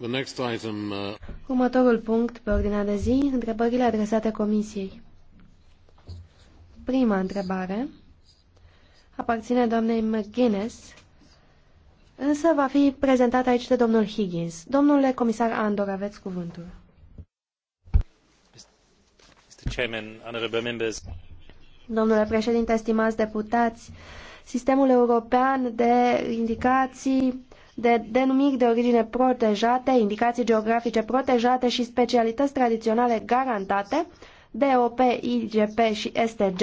Uh, Următorul punct pe ordinea de zi, întrebările adresate Comisiei. Prima întrebare aparține doamnei McGuinness, însă va fi prezentată aici de domnul Higgins. Domnule comisar Andor, aveți cuvântul. Domnule președinte, stimați deputați, sistemul european de indicații de denumiri de origine protejate, indicații geografice protejate și specialități tradiționale garantate, DOP, IGP și STG.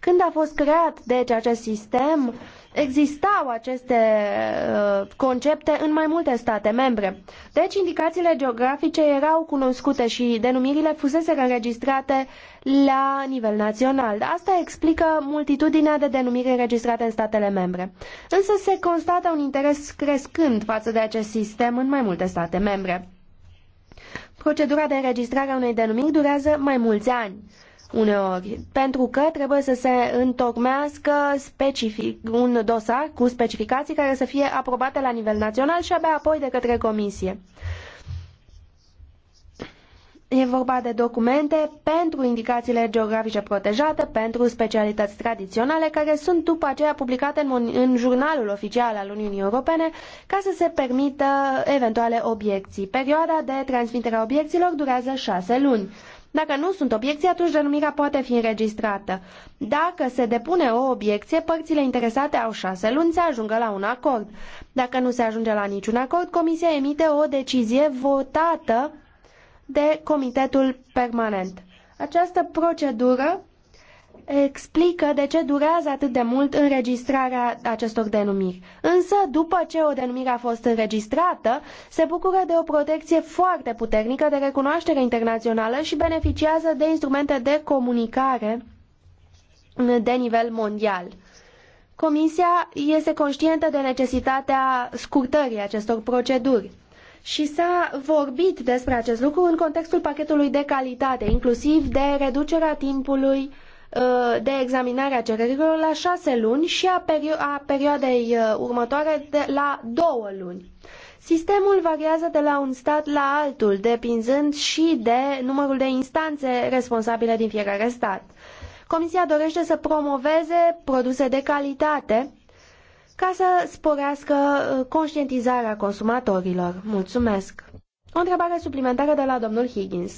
Când a fost creat, deci, acest sistem, existau aceste uh, concepte în mai multe state membre. Deci indicațiile geografice erau cunoscute și denumirile fuseseră înregistrate la nivel național. Asta explică multitudinea de denumiri înregistrate în statele membre. Însă se constată un interes crescând față de acest sistem în mai multe state membre. Procedura de înregistrare a unei denumiri durează mai mulți ani uneori, pentru că trebuie să se întocmească specific, un dosar cu specificații care să fie aprobate la nivel național și abia apoi de către comisie. E vorba de documente pentru indicațiile geografice protejate, pentru specialități tradiționale, care sunt după aceea publicate în, în jurnalul oficial al Uniunii Europene, ca să se permită eventuale obiecții. Perioada de transmitere a obiecțiilor durează șase luni. Dacă nu sunt obiecții, atunci denumirea poate fi înregistrată. Dacă se depune o obiecție, părțile interesate au șase luni să ajungă la un acord. Dacă nu se ajunge la niciun acord, Comisia emite o decizie votată de Comitetul Permanent. Această procedură explică de ce durează atât de mult înregistrarea acestor denumiri. Însă, după ce o denumire a fost înregistrată, se bucură de o protecție foarte puternică de recunoaștere internațională și beneficiază de instrumente de comunicare de nivel mondial. Comisia este conștientă de necesitatea scurtării acestor proceduri și s-a vorbit despre acest lucru în contextul pachetului de calitate, inclusiv de reducerea timpului Uh, de examinare a cererilor la șase luni și a, perio- a perioadei uh, următoare de la două luni. Sistemul variază de la un stat la altul, depinzând și de numărul de instanțe responsabile din fiecare stat. Comisia dorește să promoveze produse de calitate ca să sporească uh, conștientizarea consumatorilor. Mulțumesc! O întrebare suplimentară de la domnul Higgins.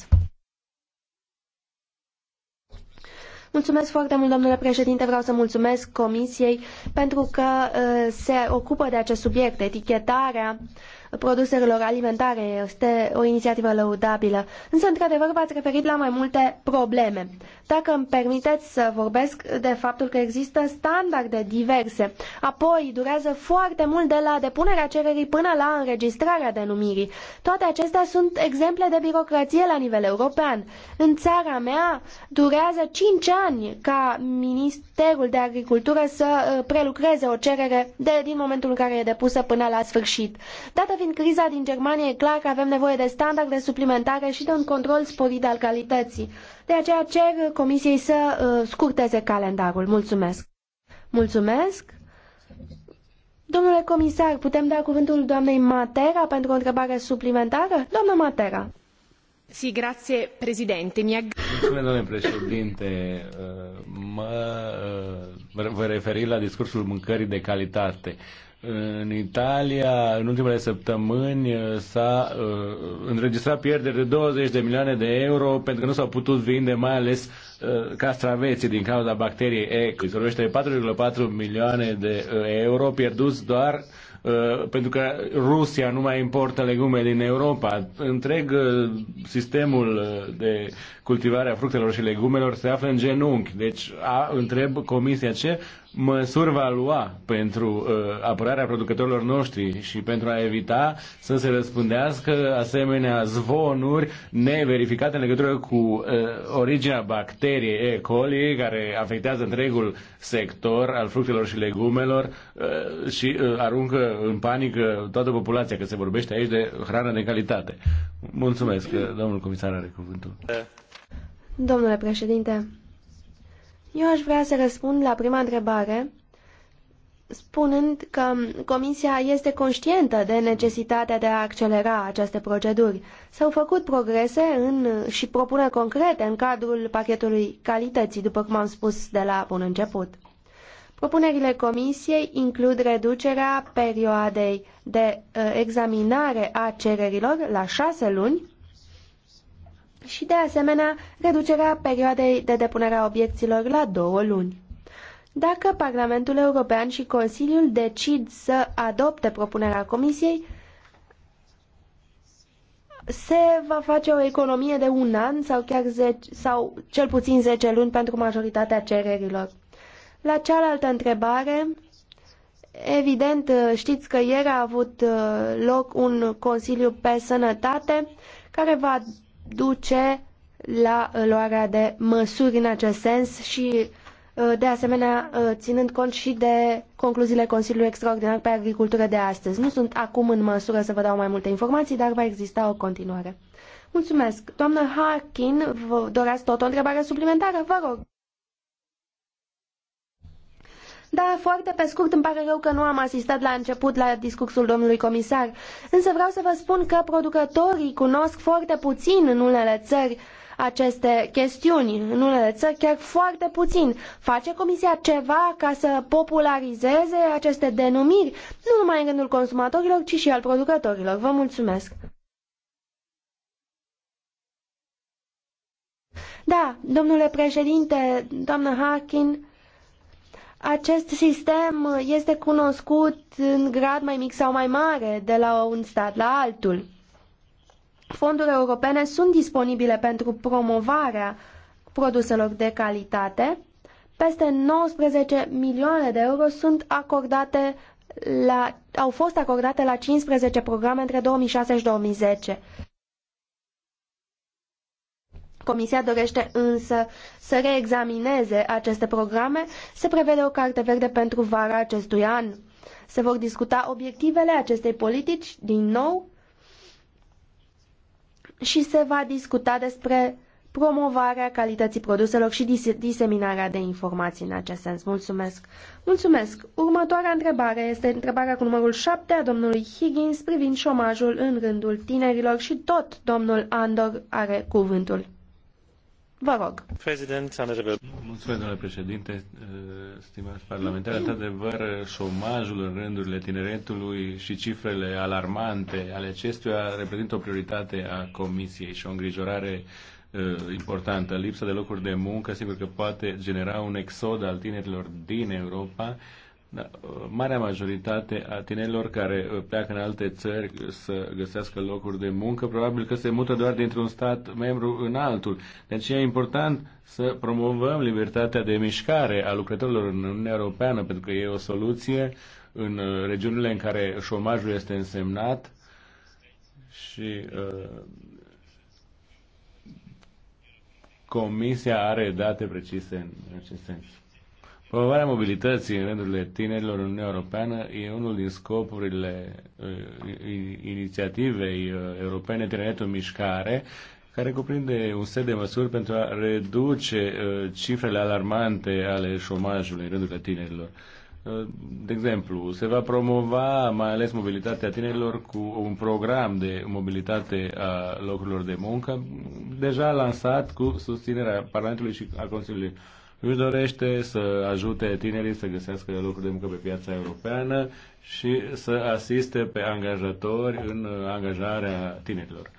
Mulțumesc foarte mult, domnule președinte. Vreau să mulțumesc Comisiei pentru că uh, se ocupă de acest subiect, etichetarea uh, produselor alimentare. Este o inițiativă lăudabilă. Însă, într-adevăr, v-ați referit la mai multe probleme. Dacă îmi permiteți să vorbesc de faptul că există standarde diverse, apoi durează foarte mult de la depunerea cererii până la înregistrarea denumirii. Toate acestea sunt exemple de birocrație la nivel european. În țara mea durează cinci ani ca ministru Ministerul de Agricultură să uh, prelucreze o cerere de, din momentul în care e depusă până la sfârșit. Dată fiind criza din Germania, e clar că avem nevoie de standarde suplimentare și de un control sporit al calității. De aceea cer Comisiei să uh, scurteze calendarul. Mulțumesc! Mulțumesc! Domnule comisar, putem da cuvântul doamnei Matera pentru o întrebare suplimentară? Doamna Matera! Si, grazie, președinte. Mi-a... Mulțumesc, domnule președinte. Mă, uh, vă referi la discursul mâncării de calitate. În Italia, în ultimele săptămâni, uh, s-a uh, înregistrat pierderi de 20 de milioane de euro pentru că nu s-au putut vinde mai ales uh, castraveții din cauza bacteriei E. Se vorbește de 4,4 milioane de uh, euro pierduți doar Uh, pentru că Rusia nu mai importă legume din Europa. Întreg uh, sistemul uh, de cultivare a fructelor și legumelor se află în genunchi. Deci a, întreb Comisia ce măsuri va lua pentru uh, apărarea producătorilor noștri și pentru a evita să se răspândească asemenea zvonuri neverificate în legătură cu uh, originea bacteriei E. coli care afectează întregul sector al fructelor și legumelor uh, și uh, aruncă în panică toată populația că se vorbește aici de hrană de calitate. Mulțumesc, uh, domnul comisar are cuvântul. Domnule președinte, eu aș vrea să răspund la prima întrebare spunând că Comisia este conștientă de necesitatea de a accelera aceste proceduri. S-au făcut progrese în, și propuneri concrete în cadrul pachetului calității, după cum am spus de la bun început. Propunerile Comisiei includ reducerea perioadei de uh, examinare a cererilor la șase luni, și, de asemenea, reducerea perioadei de depunere a obiecțiilor la două luni. Dacă Parlamentul European și Consiliul decid să adopte propunerea Comisiei, se va face o economie de un an sau chiar 10, sau cel puțin 10 luni pentru majoritatea cererilor. La cealaltă întrebare, evident știți că ieri a avut uh, loc un Consiliu pe Sănătate care va duce la uh, luarea de măsuri în acest sens și uh, de asemenea, uh, ținând cont și de concluziile Consiliului Extraordinar pe Agricultură de astăzi. Nu sunt acum în măsură să vă dau mai multe informații, dar va exista o continuare. Mulțumesc. Doamnă Harkin, vă tot o întrebare suplimentară? Vă rog. Da, foarte pe scurt, îmi pare rău că nu am asistat la început la discursul domnului comisar, însă vreau să vă spun că producătorii cunosc foarte puțin în unele țări aceste chestiuni, în unele țări chiar foarte puțin. Face Comisia ceva ca să popularizeze aceste denumiri, nu numai în rândul consumatorilor, ci și al producătorilor. Vă mulțumesc! Da, domnule președinte, doamnă Harkin, acest sistem este cunoscut în grad mai mic sau mai mare de la un stat la altul. Fondurile europene sunt disponibile pentru promovarea produselor de calitate. Peste 19 milioane de euro sunt acordate la, au fost acordate la 15 programe între 2006 și 2010. Comisia dorește însă să reexamineze aceste programe, se prevede o carte verde pentru vara acestui an. Se vor discuta obiectivele acestei politici din nou și se va discuta despre promovarea calității produselor și diseminarea de informații în acest sens. Mulțumesc! Mulțumesc! Următoarea întrebare este întrebarea cu numărul 7 a domnului Higgins privind șomajul în rândul tinerilor și tot domnul Andor are cuvântul domnule președinte, eh, Într-adevăr, șomajul în rândurile tineretului și cifrele alarmante ale acestuia reprezintă o prioritate a Comisiei și o îngrijorare eh, importantă. Lipsa de locuri de muncă, sigur că poate genera un exod al tinerilor din Europa da, marea majoritate a tinerilor care uh, pleacă în alte țări să găsească locuri de muncă, probabil că se mută doar dintr-un stat membru în altul. Deci e important să promovăm libertatea de mișcare a lucrătorilor în Uniunea Europeană, pentru că e o soluție în uh, regiunile în care șomajul este însemnat și uh, Comisia are date precise în acest sens. Promovarea mobilității în rândurile tinerilor în Uniunea Europeană e unul din scopurile uh, inițiativei uh, europene Tineretul Mișcare, care cuprinde un set de măsuri pentru a reduce uh, cifrele alarmante ale șomajului în rândurile tinerilor. Uh, de exemplu, se va promova mai ales mobilitatea tinerilor cu un program de mobilitate a locurilor de muncă, deja lansat cu susținerea Parlamentului și a Consiliului își dorește să ajute tinerii să găsească locuri de muncă pe piața europeană și să asiste pe angajatori în angajarea tinerilor.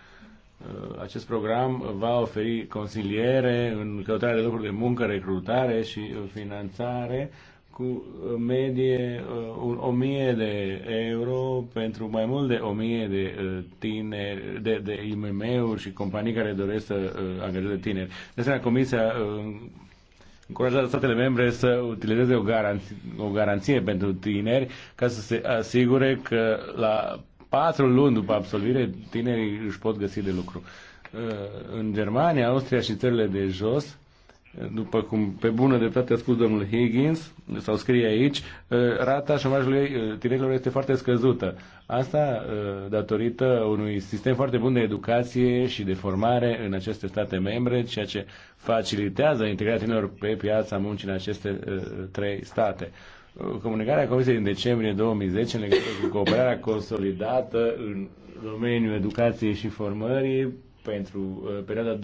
Uh, acest program va oferi consiliere în căutarea de lucruri de muncă, recrutare și uh, finanțare cu uh, medie un, o mie de euro pentru mai mult de o mie de tineri, de, de IMM-uri și companii care doresc să angajeze tineri. De asemenea, Comisia încurajează statele membre să utilizeze o garanție, o garanție pentru tineri ca să se asigure că la patru luni după absolvire tinerii își pot găsi de lucru. În Germania, Austria și țările de jos după cum pe bună dreptate a spus domnul Higgins, sau scrie aici, uh, rata șomajului uh, tinerilor este foarte scăzută. Asta uh, datorită unui sistem foarte bun de educație și de formare în aceste state membre, ceea ce facilitează integrarea tinerilor pe piața muncii în aceste trei state. Comunicarea Comisiei din decembrie 2010 în legătură cu cooperarea consolidată în domeniul educației și formării pentru uh, perioada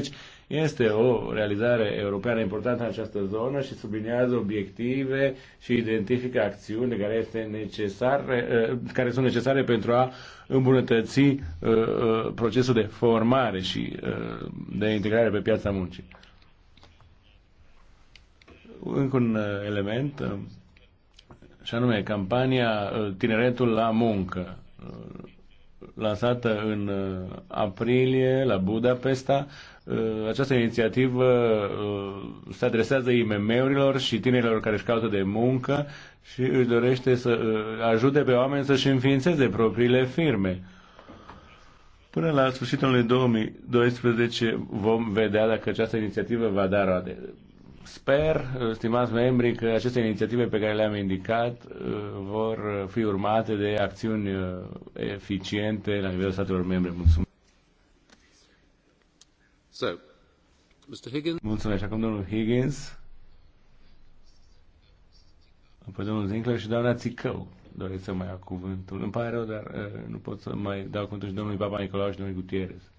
2011-2020 este o realizare europeană importantă în această zonă și subliniază obiective și identifică acțiuni care, este necesare, uh, care sunt necesare pentru a îmbunătăți uh, procesul de formare și de integrare pe piața muncii. Încă un element, și anume campania Tineretul la muncă lansată în uh, aprilie la Budapesta. Uh, această inițiativă uh, se adresează IMM-urilor și tinerilor care își caută de muncă și își dorește să ajute pe oameni să-și înființeze propriile firme. Până la sfârșitul 2012 vom vedea dacă această inițiativă va da roade. Sper, uh, stimați membri, că aceste inițiative pe care le-am indicat uh, vor fi urmate de acțiuni uh, eficiente la nivelul statelor membre. Mulțumesc. So, Mr. Higgins. Mulțumesc. Acum domnul Higgins. Apoi domnul Zincler și doamna Țicău. Doresc să mai ia cuvântul. Îmi pare rău, dar nu pot să mai dau cuvântul și domnului Papa Nicolau și domnului Gutierrez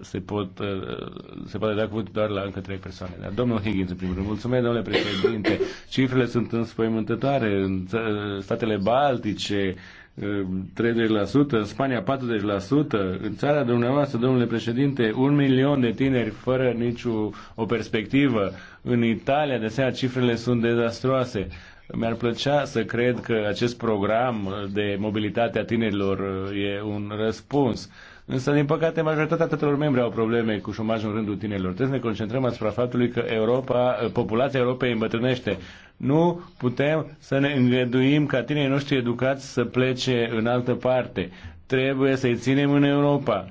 se, pot, uh, se poate da cuvânt doar la încă trei persoane. Dar domnul Higgins, în primul rând, mulțumesc, domnule președinte. Cifrele sunt înspăimântătoare. În statele baltice, 30%, uh, în Spania 40%, în țara dumneavoastră, domnule președinte, un milion de tineri fără nicio o perspectivă. În Italia, de asemenea, cifrele sunt dezastroase. Mi-ar plăcea să cred că acest program de mobilitate a tinerilor uh, e un răspuns Însă, din păcate, majoritatea tuturor membri au probleme cu șomajul în rândul tinerilor. Trebuie să ne concentrăm asupra faptului că Europa, eh, populația Europei îmbătrânește. Nu putem să ne îngăduim ca tinerii noștri educați să plece în altă parte. Trebuie să-i ținem în Europa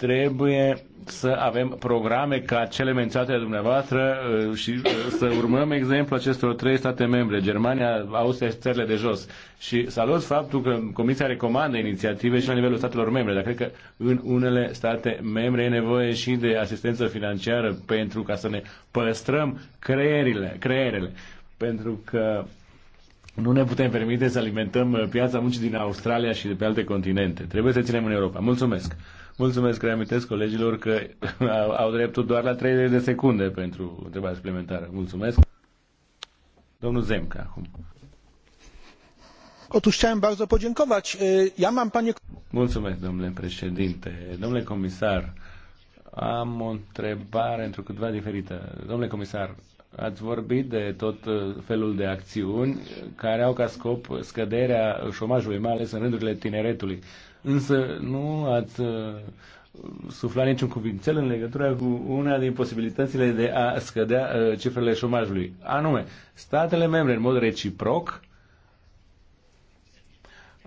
trebuie să avem programe ca cele menționate de dumneavoastră uh, și uh, să urmăm exemplul acestor trei state membre, Germania, Austria și țările de jos. Și salut faptul că Comisia recomandă inițiative și la nivelul statelor membre, dar cred că în unele state membre e nevoie și de asistență financiară pentru ca să ne păstrăm creierile, creierele. Pentru că nu ne putem permite să alimentăm uh, piața muncii din Australia și de pe alte continente. Trebuie să ținem în Europa. Mulțumesc! Mulțumesc, reamintesc colegilor că au, au dreptul doar la 30 de secunde pentru întrebarea suplimentară. Mulțumesc. Domnul Zemca acum. Otóż chciałem bardzo podziękować. Ja mam panie... Mulțumesc, domnule președinte. Domnule comisar, am o întrebare într-o câtva diferită. Domnule comisar, Ați vorbit de tot uh, felul de acțiuni care au ca scop scăderea șomajului, mai ales în rândurile tineretului. Însă nu ați uh, sufla niciun cuvințel în legătură cu una din posibilitățile de a scădea uh, cifrele șomajului. Anume, statele membre, în mod reciproc,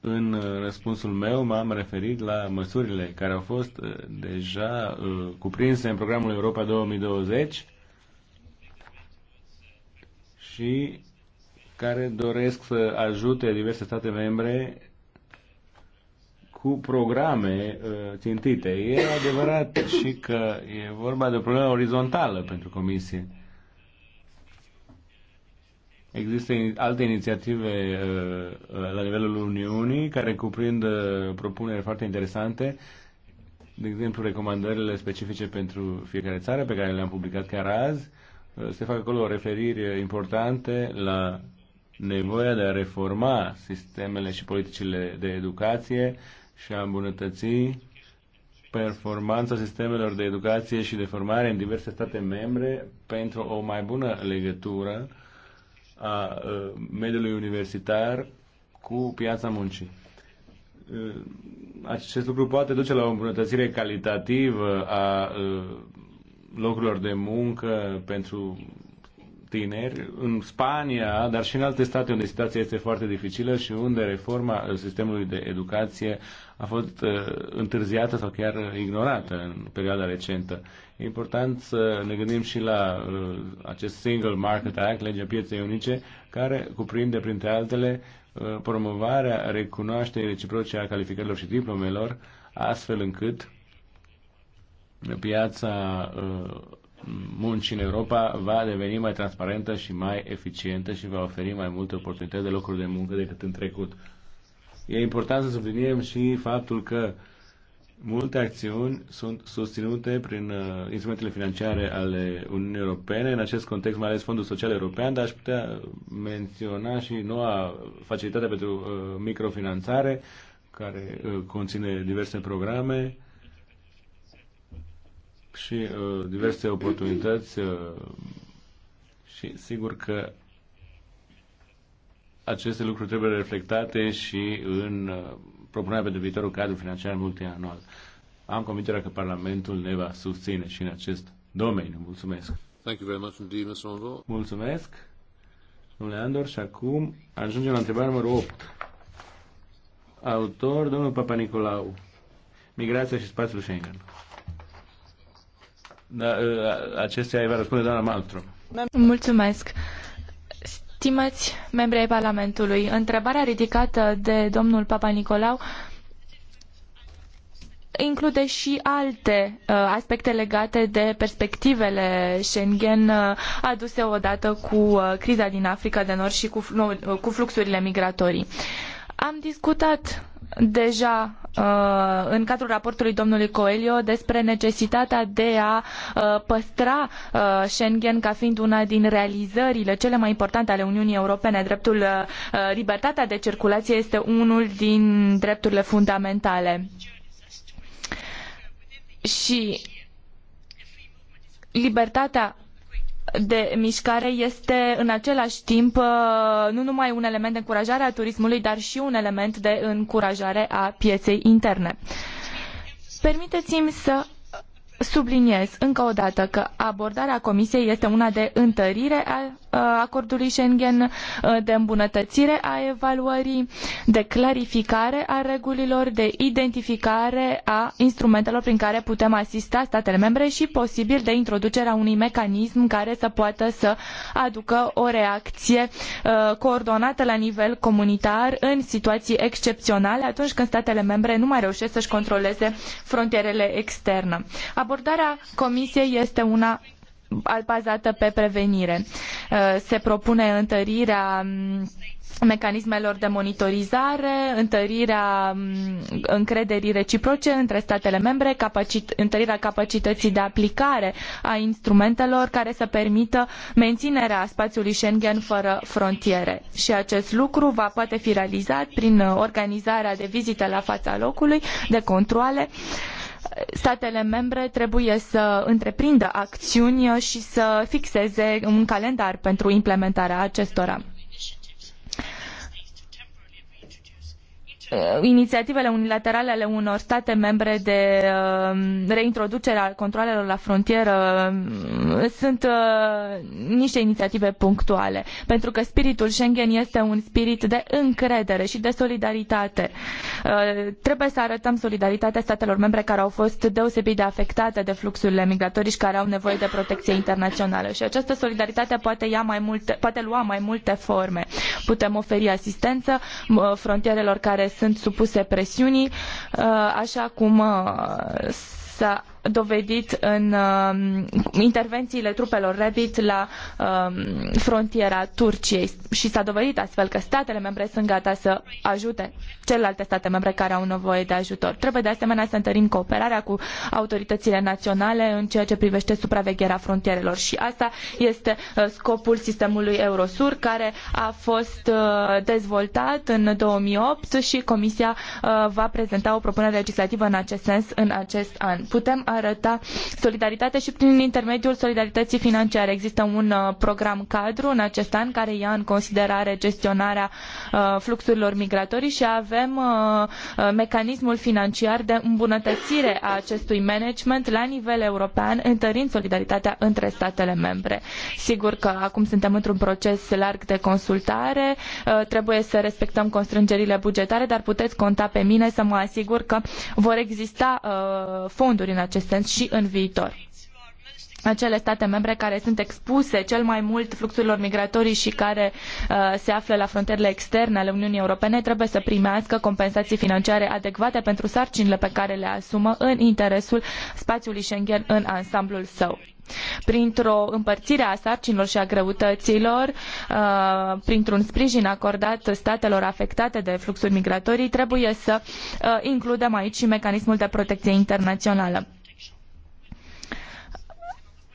în uh, răspunsul meu m-am referit la măsurile care au fost uh, deja uh, cuprinse în programul Europa 2020 și care doresc să ajute diverse state membre cu programe țintite. E adevărat și că e vorba de o problemă orizontală pentru Comisie. Există alte inițiative uh, uh, la nivelul Uniunii care cuprind uh, propuneri foarte interesante, de exemplu recomandările specifice pentru fiecare țară pe care le-am publicat chiar azi. Se fac acolo referiri importante la nevoia de a reforma sistemele și politicile de educație și a îmbunătăți performanța sistemelor de educație și de formare în diverse state membre pentru o mai bună legătură a mediului universitar cu piața muncii. Acest lucru poate duce la o îmbunătățire calitativă a locurilor de muncă pentru tineri în Spania, dar și în alte state unde situația este foarte dificilă și unde reforma sistemului de educație a fost uh, întârziată sau chiar ignorată în perioada recentă. E important să ne gândim și la uh, acest Single Market Act, legea pieței unice, care cuprinde, printre altele, uh, promovarea recunoașterii reciproce a calificărilor și diplomelor, astfel încât piața muncii în Europa va deveni mai transparentă și mai eficientă și va oferi mai multe oportunități de locuri de muncă decât în trecut. E important să subliniem și faptul că multe acțiuni sunt susținute prin uh, instrumentele financiare ale Uniunii Europene, în acest context mai ales Fondul Social European, dar aș putea menționa și noua facilitate pentru uh, microfinanțare, care uh, conține diverse programe și uh, diverse oportunități uh, și sigur că aceste lucruri trebuie reflectate și în uh, propunerea pentru viitorul cadru financiar multianual. Am convingerea că Parlamentul ne va susține și în acest domeniu. Mulțumesc! Thank you very much indeed, Mr. Andor. Mulțumesc, domnule Andor, și acum ajungem la întrebarea numărul 8. Autor, domnul Papa Nicolau. Migrația și spațiul Schengen. Da, ă, acestea îi va răspunde doamna Maltru. Mulțumesc. Stimați membri ai Parlamentului, întrebarea ridicată de domnul Papa Nicolau include și alte ă, aspecte legate de perspectivele Schengen ă, aduse odată cu criza din Africa de Nord și cu, fluxurile migratorii. Am discutat deja uh, în cadrul raportului domnului Coelho despre necesitatea de a uh, păstra uh, Schengen ca fiind una din realizările cele mai importante ale Uniunii Europene. Dreptul, libertatea de circulație este unul din drepturile fundamentale. Și libertatea de mișcare este în același timp uh, nu numai un element de încurajare a turismului, dar și un element de încurajare a pieței interne. Permiteți-mi să subliniez încă o dată că abordarea Comisiei este una de întărire a Uh, acordului Schengen, uh, de îmbunătățire a evaluării, de clarificare a regulilor, de identificare a instrumentelor prin care putem asista statele membre și posibil de introducerea unui mecanism care să poată să aducă o reacție uh, coordonată la nivel comunitar în situații excepționale atunci când statele membre nu mai reușesc să-și controleze frontierele externe. Abordarea Comisiei este una bazată pe prevenire. Uh, se propune întărirea um, mecanismelor de monitorizare, întărirea um, încrederii reciproce între statele membre, capacit- întărirea capacității de aplicare a instrumentelor care să permită menținerea spațiului Schengen fără frontiere. Și acest lucru va poate fi realizat prin uh, organizarea de vizite la fața locului, de controle uh, statele membre trebuie să întreprindă acțiuni și să fixeze un calendar pentru implementarea acestora. Eh, inițiativele unilaterale ale unor state membre de ehm, reintroducere a controalelor la frontieră mm, sunt eh, niște inițiative punctuale, pentru că spiritul Schengen este un spirit de încredere și de solidaritate. Eh, trebuie să arătăm solidaritatea statelor membre care au fost deosebit de afectate de fluxurile migratorii și care au nevoie de protecție internațională. Și această solidaritate poate, ia mai multe, poate lua mai multe forme. Putem oferi asistență frontierelor care sunt supuse presiunii, uh, așa cum uh, s-a dovedit în um, intervențiile trupelor Rebit la um, frontiera Turciei și s-a dovedit astfel că statele membre sunt gata să ajute celelalte state membre care au nevoie de ajutor. Trebuie de asemenea să întărim cooperarea cu autoritățile naționale în ceea ce privește supravegherea frontierelor și asta este uh, scopul sistemului Eurosur care a fost uh, dezvoltat în 2008 și Comisia uh, va prezenta o propunere legislativă în acest sens în acest an. Putem arăta solidaritate și prin intermediul solidarității financiare. Există un uh, program cadru în acest an care ia în considerare gestionarea uh, fluxurilor migratorii și avem uh, mecanismul financiar de îmbunătățire a acestui management la nivel european, întărind solidaritatea între statele membre. Sigur că acum suntem într-un proces larg de consultare, trebuie să respectăm constrângerile bugetare, dar puteți conta pe mine să mă asigur că vor exista fonduri în acest acest sens și în viitor acele state membre care sunt expuse cel mai mult fluxurilor migratorii și care uh, se află la frontierele externe ale Uniunii Europene trebuie să primească compensații financiare adecvate pentru sarcinile pe care le asumă în interesul spațiului Schengen în ansamblul său. Printr-o împărțire a sarcinilor și a greutăților, uh, printr-un sprijin acordat statelor afectate de fluxuri migratorii, trebuie să uh, includem aici și mecanismul de protecție internațională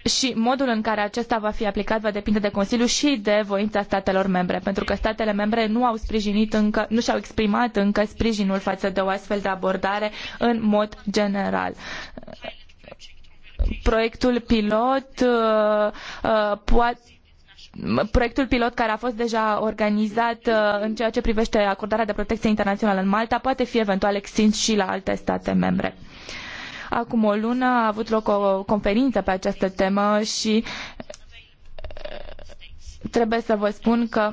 și modul în care acesta va fi aplicat va depinde de Consiliu și de voința statelor membre, pentru că statele membre nu au sprijinit încă, nu și-au exprimat încă sprijinul față de o astfel de abordare în mod general proiectul pilot uh, uh, poate proiectul pilot care a fost deja organizat uh, în ceea ce privește acordarea de protecție internațională în Malta poate fi eventual extins și la alte state membre. Acum o lună a avut loc o conferință pe această temă și eh, trebuie să vă spun că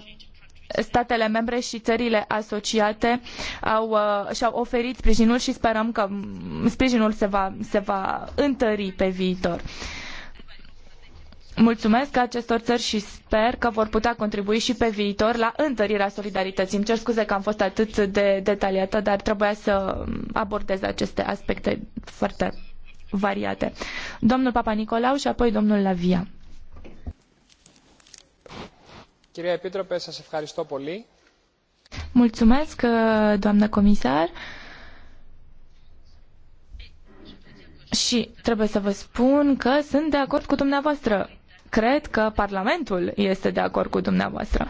statele membre i ările asociate au, eh, i au oferit sprijinul i sperăm că sprijinul se va, se va întări pe viitor. Uh, mulțumesc acestor țări și sper că vor putea contribui și pe viitor la întărirea solidarității. Îmi cer scuze că am fost atât de detaliată, dar trebuia să abordez aceste aspecte foarte variate. Domnul Papa Nicolau și apoi domnul Lavia. Κυρία Επίτροπε, σας ευχαριστώ πολύ. Mulțumesc, doamnă comisar. Și trebuie să vă spun că sunt de acord cu dumneavoastră Cred că Parlamentul este de acord cu dumneavoastră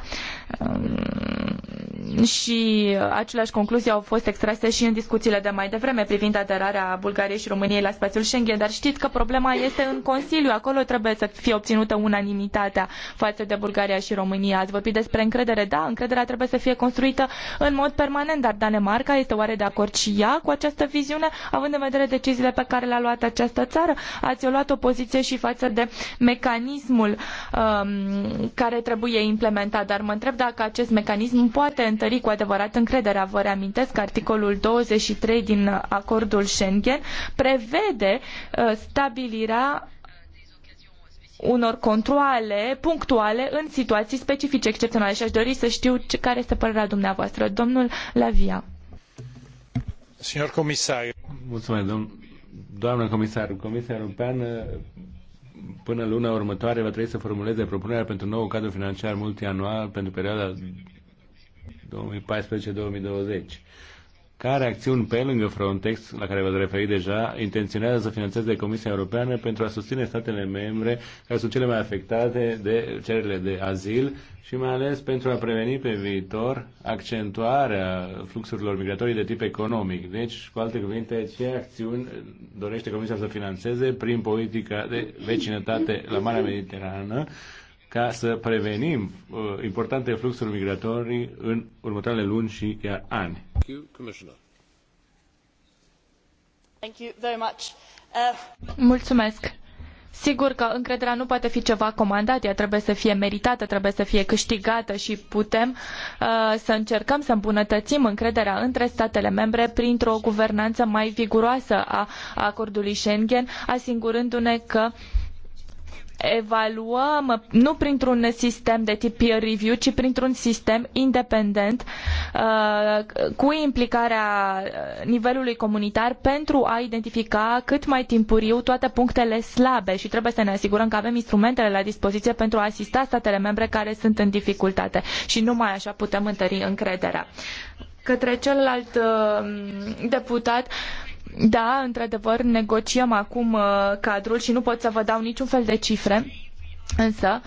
și aceleași concluzii au fost extrase și în discuțiile de mai devreme privind aderarea Bulgariei și României la spațiul Schengen, dar știți că problema este în Consiliu, acolo trebuie să fie obținută unanimitatea față de Bulgaria și România. Ați vorbit despre încredere, da, încrederea trebuie să fie construită în mod permanent, dar Danemarca este oare de acord și ea cu această viziune, având în vedere deciziile pe care le-a luat această țară? Ați luat o poziție și față de mecanismul um, care trebuie implementat, dar mă întreb dacă acest mecanism poate întări cu adevărat încrederea. Vă reamintesc că articolul 23 din acordul Schengen prevede uh, stabilirea unor controale punctuale în situații specifice, excepționale și aș dori să știu care este părerea dumneavoastră. Domnul Lavia. Signor comisar. Mulțumesc, domn... doamnă comisar. Comisia Europeană până luna următoare va trebui să formuleze propunerea pentru nou cadru financiar multianual pentru perioada 2014-2020. Care acțiuni pe lângă Frontex, la care v-ați referit deja, intenționează să finanțeze Comisia Europeană pentru a susține statele membre care sunt cele mai afectate de cererile de azil și mai ales pentru a preveni pe viitor accentuarea fluxurilor migratorii de tip economic. Deci, cu alte cuvinte, ce acțiuni dorește Comisia să financeze prin politica de vecinătate la Marea Mediterană ca să prevenim uh, importante fluxuri migratorii în următoarele luni și chiar ani. Uh, Mulțumesc. Sigur că încrederea nu poate fi ceva comandat, ea trebuie să fie meritată, trebuie să fie câștigată și putem uh, să încercăm să îmbunătățim încrederea între statele membre printr-o guvernanță mai viguroasă a, a acordului Schengen, asigurându-ne că uh, evaluăm nu printr-un sistem de tip peer review, ci printr-un sistem independent uh, cu implicarea nivelului comunitar pentru a identifica cât mai timpuriu toate punctele slabe și trebuie să ne asigurăm că avem instrumentele la dispoziție pentru a asista statele membre care sunt în dificultate și numai așa putem întări încrederea. Către celălalt uh, deputat, da, într-adevăr, negociem acum uh, cadrul și nu pot să vă dau niciun fel de cifre, însă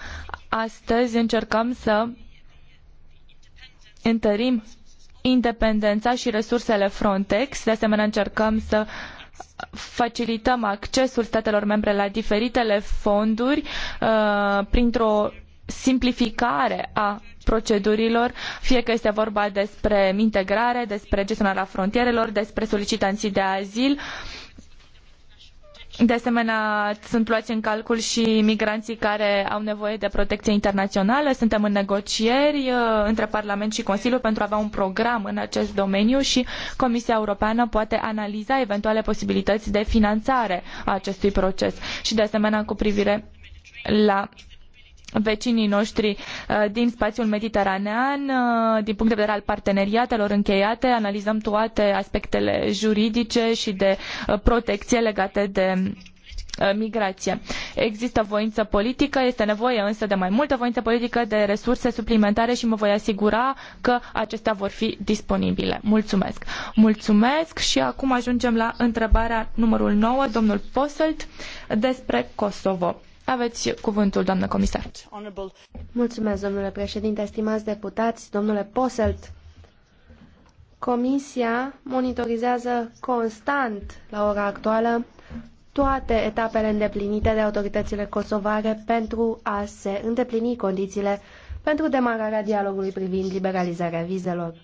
astăzi încercăm să întărim independența și resursele Frontex. De asemenea, încercăm să facilităm accesul statelor membre la diferitele fonduri uh, printr-o simplificare a procedurilor, fie că este vorba despre integrare, despre gestionarea frontierelor, despre solicitanții de azil. De asemenea, sunt luați în calcul și migranții care au nevoie de protecție internațională. Suntem în negocieri uh, între Parlament și Consiliu pentru a avea un program în acest domeniu și Comisia Europeană poate analiza eventuale posibilități de finanțare a acestui proces. Și de asemenea, cu privire la vecinii noștri uh, din spațiul mediteranean. Uh, din punct de vedere al parteneriatelor încheiate, analizăm toate aspectele juridice și de uh, protecție legate de migrație. Există voință politică, este nevoie însă de mai multă voință politică, de resurse suplimentare și mă voi asigura că acestea vor fi disponibile. Mulțumesc! Mulțumesc și acum ajungem la întrebarea numărul 9, domnul Poselt, despre Kosovo. Aveți cuvântul, doamnă comisar. Mulțumesc, domnule președinte, stimați deputați, domnule Poselt. Comisia monitorizează constant, la ora actuală, toate etapele îndeplinite de autoritățile kosovare pentru a se îndeplini condițiile pentru demararea dialogului privind liberalizarea vizelor.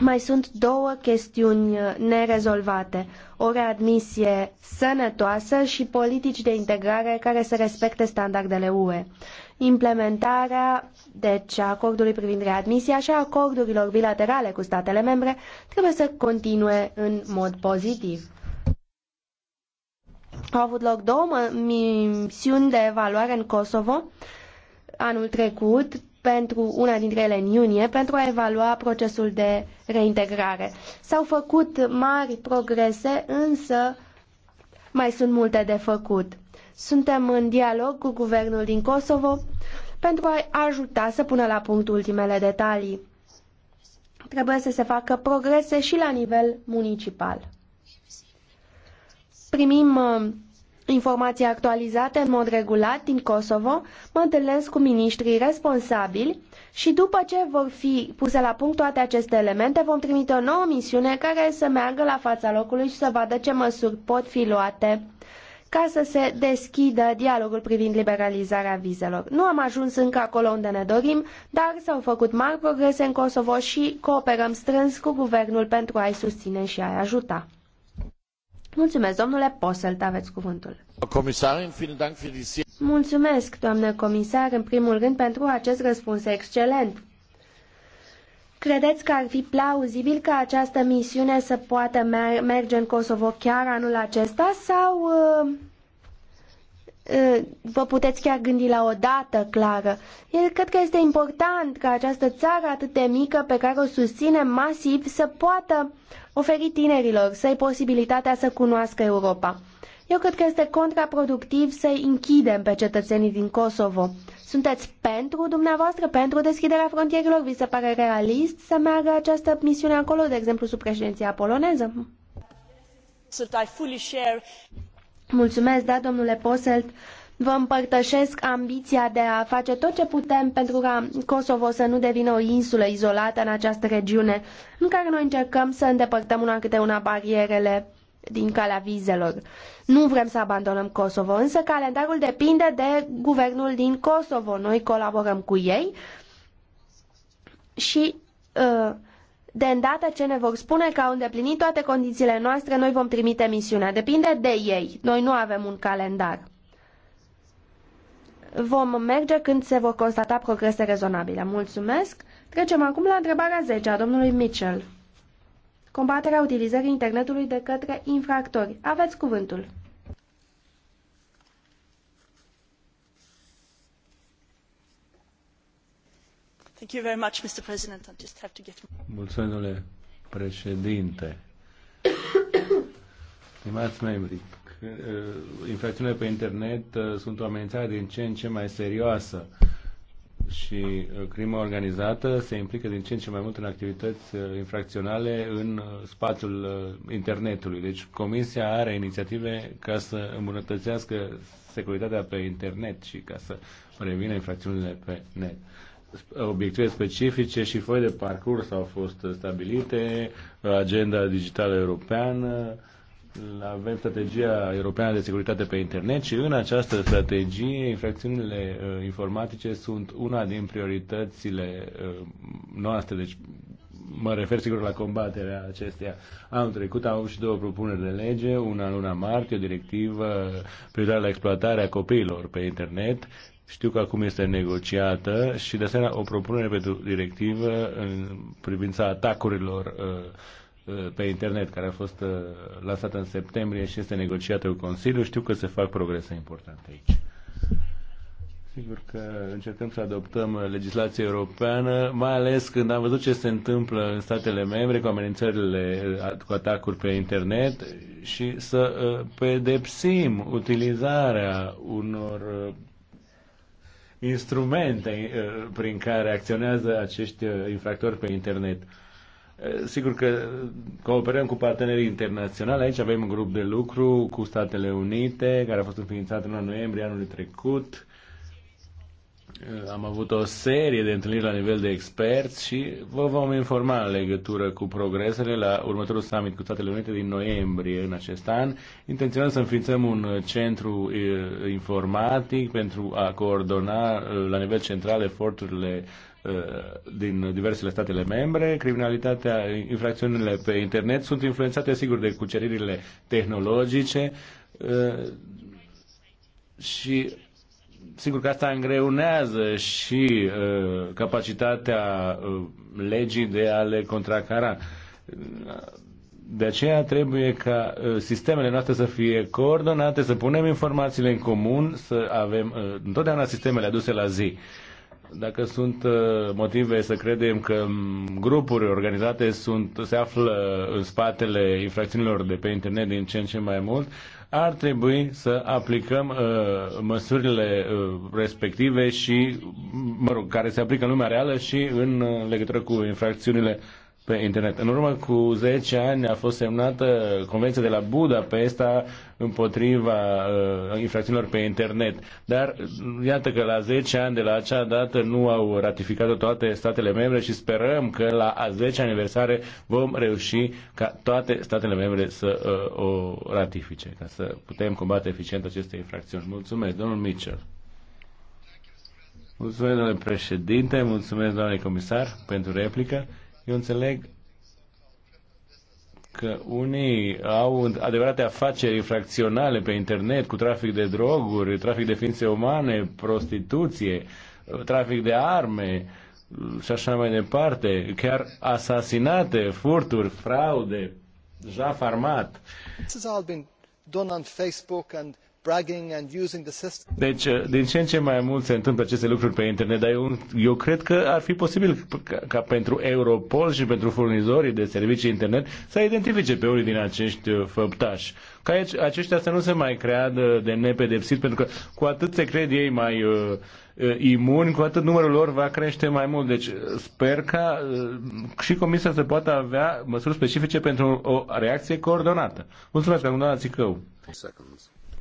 Mai sunt două chestiuni uh, nerezolvate, o readmisie sănătoasă și politici de integrare care să respecte standardele UE. Implementarea, deci, a acordului privind readmisia și a acordurilor bilaterale cu statele membre trebuie să continue în mod pozitiv. Au avut loc două misiuni de evaluare în Kosovo anul trecut, pentru una dintre ele în iunie, pentru a evalua procesul de reintegrare. S-au făcut mari progrese, însă mai sunt multe de făcut. Suntem în dialog cu guvernul din Kosovo pentru a ajuta să pună la punct ultimele detalii. Trebuie să se facă progrese și la nivel municipal. Primim uh, informații actualizate în mod regulat din Kosovo, mă întâlnesc cu miniștrii responsabili și după ce vor fi puse la punct toate aceste elemente, vom trimite o nouă misiune care să meargă la fața locului și să vadă ce măsuri pot fi luate ca să se deschidă dialogul privind liberalizarea vizelor. Nu am ajuns încă acolo unde ne dorim, dar s-au făcut mari progrese în Kosovo și cooperăm strâns cu guvernul pentru a-i susține și a-i ajuta. Mulțumesc, domnule Poselt, aveți cuvântul. Mulțumesc, doamnă comisar, în primul rând pentru acest răspuns excelent. Credeți că ar fi plauzibil ca această misiune să poată mer merge în Kosovo chiar anul acesta sau uh, uh, vă puteți chiar gândi la o dată clară? Eu cred că este important ca această țară atât de mică pe care o susține masiv să poată oferi tinerilor săi posibilitatea să cunoască Europa. Eu cred că este contraproductiv să-i închidem pe cetățenii din Kosovo. Sunteți pentru dumneavoastră, pentru deschiderea frontierelor? Vi se pare realist să meargă această misiune acolo, de exemplu, sub președinția poloneză? Mulțumesc, da, domnule Poselt. Vă împărtășesc ambiția de a face tot ce putem pentru ca Kosovo să nu devină o insulă izolată în această regiune, în care noi încercăm să îndepărtăm una câte una barierele din calea vizelor. Nu vrem să abandonăm Kosovo, însă calendarul depinde de guvernul din Kosovo. Noi colaborăm cu ei și uh, de îndată ce ne vor spune că au îndeplinit toate condițiile noastre, noi vom trimite misiunea. Depinde de ei. Noi nu avem un calendar. Vom merge când se vor constata progrese rezonabile. Mulțumesc! Trecem acum la întrebarea 10 a domnului Mitchell. Combaterea utilizării internetului de către infractori. Aveți cuvântul. Mulțumesc, domnule președinte. Stimați membri, Uh, infracțiunile pe internet uh, sunt o amenințare din ce în ce mai serioasă și uh, crima organizată se implică din ce în ce mai mult în activități infracționale în spațiul internetului. Deci Comisia are inițiative ca să îmbunătățească securitatea pe internet și ca să prevină infracțiunile pe net. Obiective specifice și foi de parcurs au fost stabilite, agenda digitală europeană, avem strategia europeană de securitate pe internet și în această strategie infracțiunile uh, informatice sunt una din prioritățile uh, noastre, deci mă refer sigur la combaterea acesteia. Anul trecut avut și două propuneri de lege, una luna martie, o directivă privitoare la exploatarea copiilor pe internet știu că acum este negociată și de asemenea o propunere pentru directivă în privința atacurilor uh, pe internet care a fost uh, lansată în septembrie și este negociată cu Consiliul. Știu că se fac progrese importante aici. Sigur că încercăm să adoptăm legislație europeană, mai ales când am văzut ce se întâmplă în statele membre cu amenințările, uh, cu atacuri pe internet și să uh, pedepsim utilizarea unor instrumente prin care acționează acești infractori pe internet. Eh, sigur că cooperăm cu partenerii internaționali. Aici avem un grup de lucru cu Statele Unite, care a fost înființat în noiembrie anului trecut. Eh, am avut o serie de întâlniri la nivel de experți și vă vom informa în legătură cu progresele la următorul summit cu Statele Unite din noiembrie în acest an. Intenționăm să înființăm un centru eh, informatic pentru a coordona la nivel central eforturile Uh, din diversele statele membre. Criminalitatea, infracțiunile pe internet sunt influențate, sigur, de cuceririle tehnologice uh, și sigur că asta îngreunează și uh, capacitatea legii de a le contracara. De aceea trebuie ca sistemele noastre să fie coordonate, să punem informațiile în comun, să avem întotdeauna sistemele aduse la zi dacă sunt uh, motive să credem că mm, grupuri organizate sunt, se află în spatele infracțiunilor de pe internet din ce în ce mai mult, ar trebui să aplicăm uh, măsurile uh, respective și, mă rog, care se aplică în lumea reală și în uh, legătură cu infracțiunile pe internet. În urmă cu 10 ani a fost semnată Convenția de la Budapesta împotriva uh, infracțiunilor pe internet. Dar iată că la 10 ani de la acea dată nu au ratificat toate statele membre și sperăm că la a 10 aniversare vom reuși ca toate statele membre să uh, o ratifice, ca să putem combate eficient aceste infracțiuni. Mulțumesc, domnul Mitchell. Mulțumesc, domnule președinte, mulțumesc, doamne comisar, pentru replică. Eu înțeleg că unii au adevărate afaceri infracționale pe internet cu trafic de droguri, trafic de ființe umane, prostituție, trafic de arme și așa mai departe, chiar asasinate, furturi, fraude, jaf armat. This has all been done on Facebook and deci, uh, din ce în ce mai mult se întâmplă aceste lucruri pe internet, dar eu, eu cred că ar fi posibil ca, ca pentru Europol și pentru furnizorii de servicii internet să identifice pe unii din acești uh, făptași. Ca aici, aceștia să nu se mai creadă de nepedepsit, pentru că cu atât se cred ei mai uh, uh imuni, cu atât numărul lor va crește mai mult. Deci sper ca uh, și Comisia să poată avea măsuri specifice pentru o reacție coordonată. Mulțumesc, acum doamna Țicău. Seconds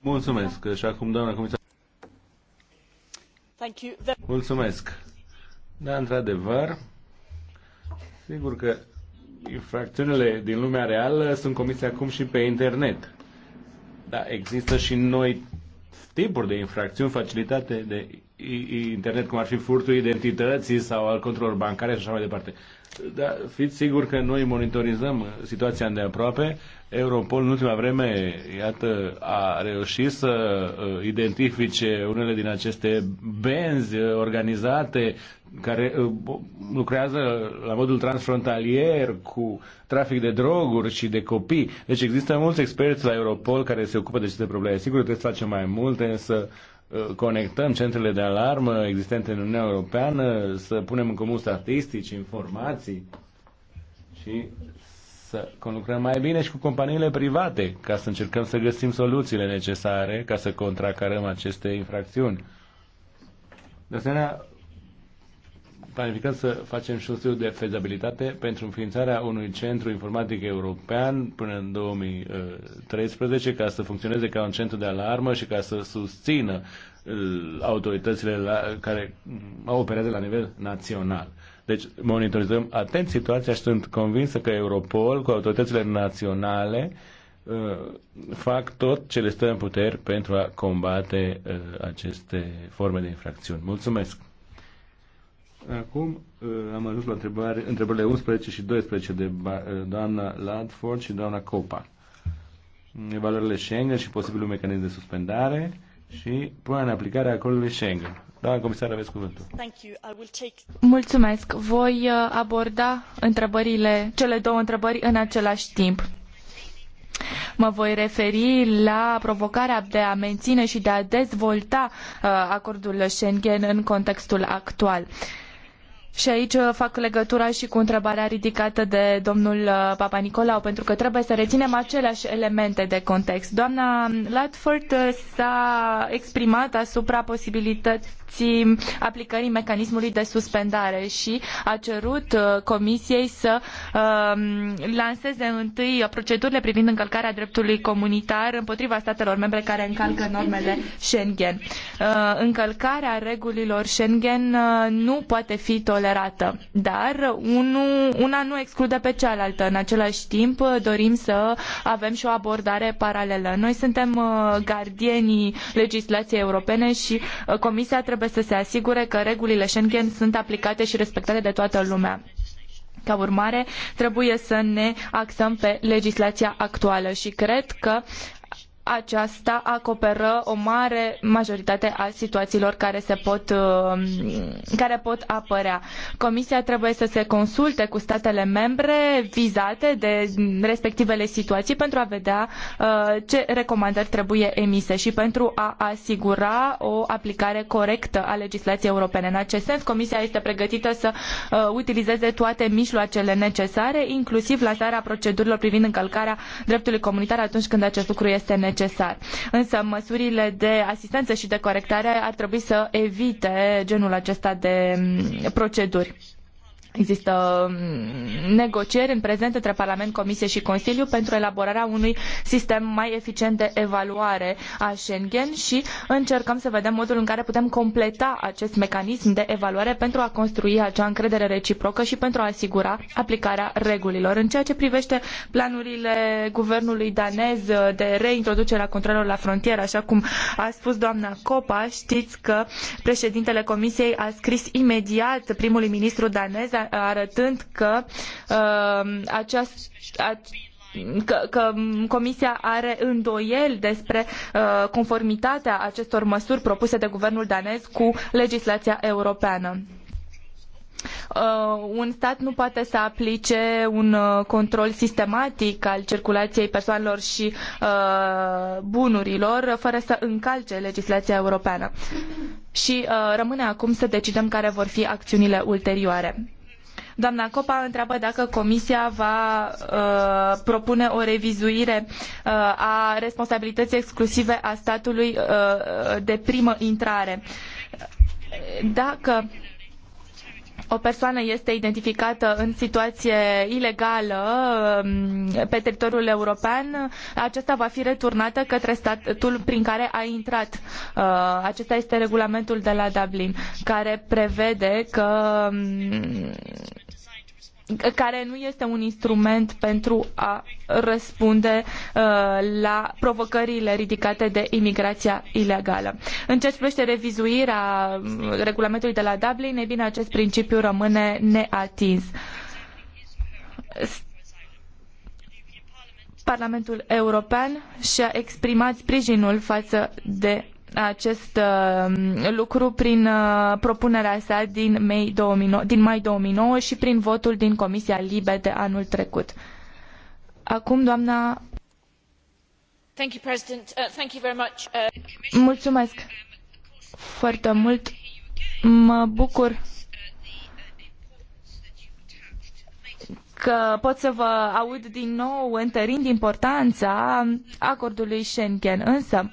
Mulțumesc. Mulțumesc. Da, într-adevăr, sigur că infracțiunile din lumea reală sunt comise acum și pe internet. Dar există și noi tipuri de infracțiuni facilitate de internet, cum ar fi furtul identității sau al controlor bancare și așa mai departe. Dar fiți siguri că noi monitorizăm situația îndeaproape. Europol în ultima vreme, iată, a reușit să uh, identifice unele din aceste benzi uh, organizate care uh, lucrează la modul transfrontalier cu trafic de droguri și de copii. Deci există mulți experți la Europol care se ocupă de aceste probleme. Sigur, trebuie să facem mai multe, însă conectăm centrele de alarmă existente în Uniunea Europeană, să punem în comun statistici, informații și să conlucrăm mai bine și cu companiile private ca să încercăm să găsim soluțiile necesare ca să contracarăm aceste infracțiuni. De asemenea, planificăm să facem și un studiu de fezabilitate pentru înființarea unui centru informatic european până în 2013 ca să funcționeze ca un centru de alarmă și ca să susțină uh, autoritățile la, care operează la nivel național. Deci monitorizăm atent situația și sunt convinsă că Europol cu autoritățile naționale uh, fac tot ce le stă în puteri pentru a combate uh, aceste forme de infracțiuni. Mulțumesc! Acum uh, am ajuns la întrebare, întrebările 11 și 12 de uh, doamna Ladford și doamna Copa. Evaluările Schengen și posibilul mecanism de suspendare și punerea în aplicare a acordului Schengen. Doamna comisar, aveți cuvântul. Mulțumesc. Voi uh, aborda întrebările, cele două întrebări în același timp. Mă voi referi la provocarea de a menține și de a dezvolta acordul Schengen în contextul actual. Uh, și aici uh, fac legătura și cu întrebarea ridicată de domnul uh, Papa Nicolau, pentru că trebuie să reținem aceleași elemente de context. Doamna Latford uh, s-a exprimat asupra posibilității îmbunătății aplicării mecanismului de suspendare și a cerut uh, Comisiei să um, lanseze întâi procedurile privind încălcarea dreptului comunitar împotriva statelor membre care încalcă normele Schengen. Uh, încălcarea regulilor Schengen uh, nu poate fi tolerată, dar una nu exclude pe cealaltă. În același timp dorim să avem și o abordare paralelă. Noi suntem gardienii legislației europene și Comisia trebuie trebuie să se asigure că regulile Schengen sunt aplicate și respectate de toată lumea. Ca urmare, trebuie să ne axăm pe legislația actuală și cred că aceasta acoperă o mare majoritate a situațiilor care, se pot, um, care pot apărea. Comisia trebuie să se consulte cu statele membre vizate de respectivele situații pentru a vedea uh, ce recomandări trebuie emise și pentru a asigura o aplicare corectă a legislației europene. În acest sens, Comisia este pregătită să uh, utilizeze toate mijloacele necesare, inclusiv lansarea procedurilor privind încălcarea dreptului comunitar atunci când acest lucru este necesar necesar. Însă măsurile de asistență și de corectare ar trebui să evite genul acesta de mm, proceduri. Există mm, negocieri în prezent între Parlament, Comisie și Consiliu pentru elaborarea unui sistem mai eficient de evaluare a Schengen și încercăm să vedem modul în care putem completa acest mecanism de evaluare pentru a construi acea încredere reciprocă și pentru a asigura aplicarea regulilor. În ceea ce privește planurile guvernului danez de reintroducere a controlelor la frontieră, așa cum a spus doamna Copa, știți că președintele Comisiei a scris imediat primului ministru danez arătând că uh, această Că, că, Comisia are îndoieli despre uh, conformitatea acestor măsuri propuse de guvernul danez cu legislația europeană. Uh, un stat nu poate să aplice un uh, control sistematic al circulației persoanelor și uh, bunurilor fără să încalce legislația europeană. Și uh, rămâne acum să decidem care vor fi acțiunile ulterioare. Doamna Copa întreabă dacă Comisia va uh, propune o revizuire uh, a responsabilității exclusive a statului uh, de primă intrare. Dacă o persoană este identificată în situație ilegală um, pe teritoriul european, aceasta va fi returnată către statul prin care a intrat. Uh, acesta este regulamentul de la Dublin, care prevede că um, care nu este un instrument pentru a răspunde uh, la provocările ridicate de imigrația ilegală. În ceea ce privește revizuirea mm, regulamentului de la Dublin, e bine, acest principiu rămâne neatins. Parlamentul European și-a exprimat sprijinul față de acest um, lucru prin uh, propunerea sa din, mai 2009, din mai 2009 și prin votul din Comisia Libe de anul trecut. Acum, doamna. Uh, uh, Mulțumesc foarte mult. Mă bucur că pot să vă aud din nou întărind importanța acordului Schengen, însă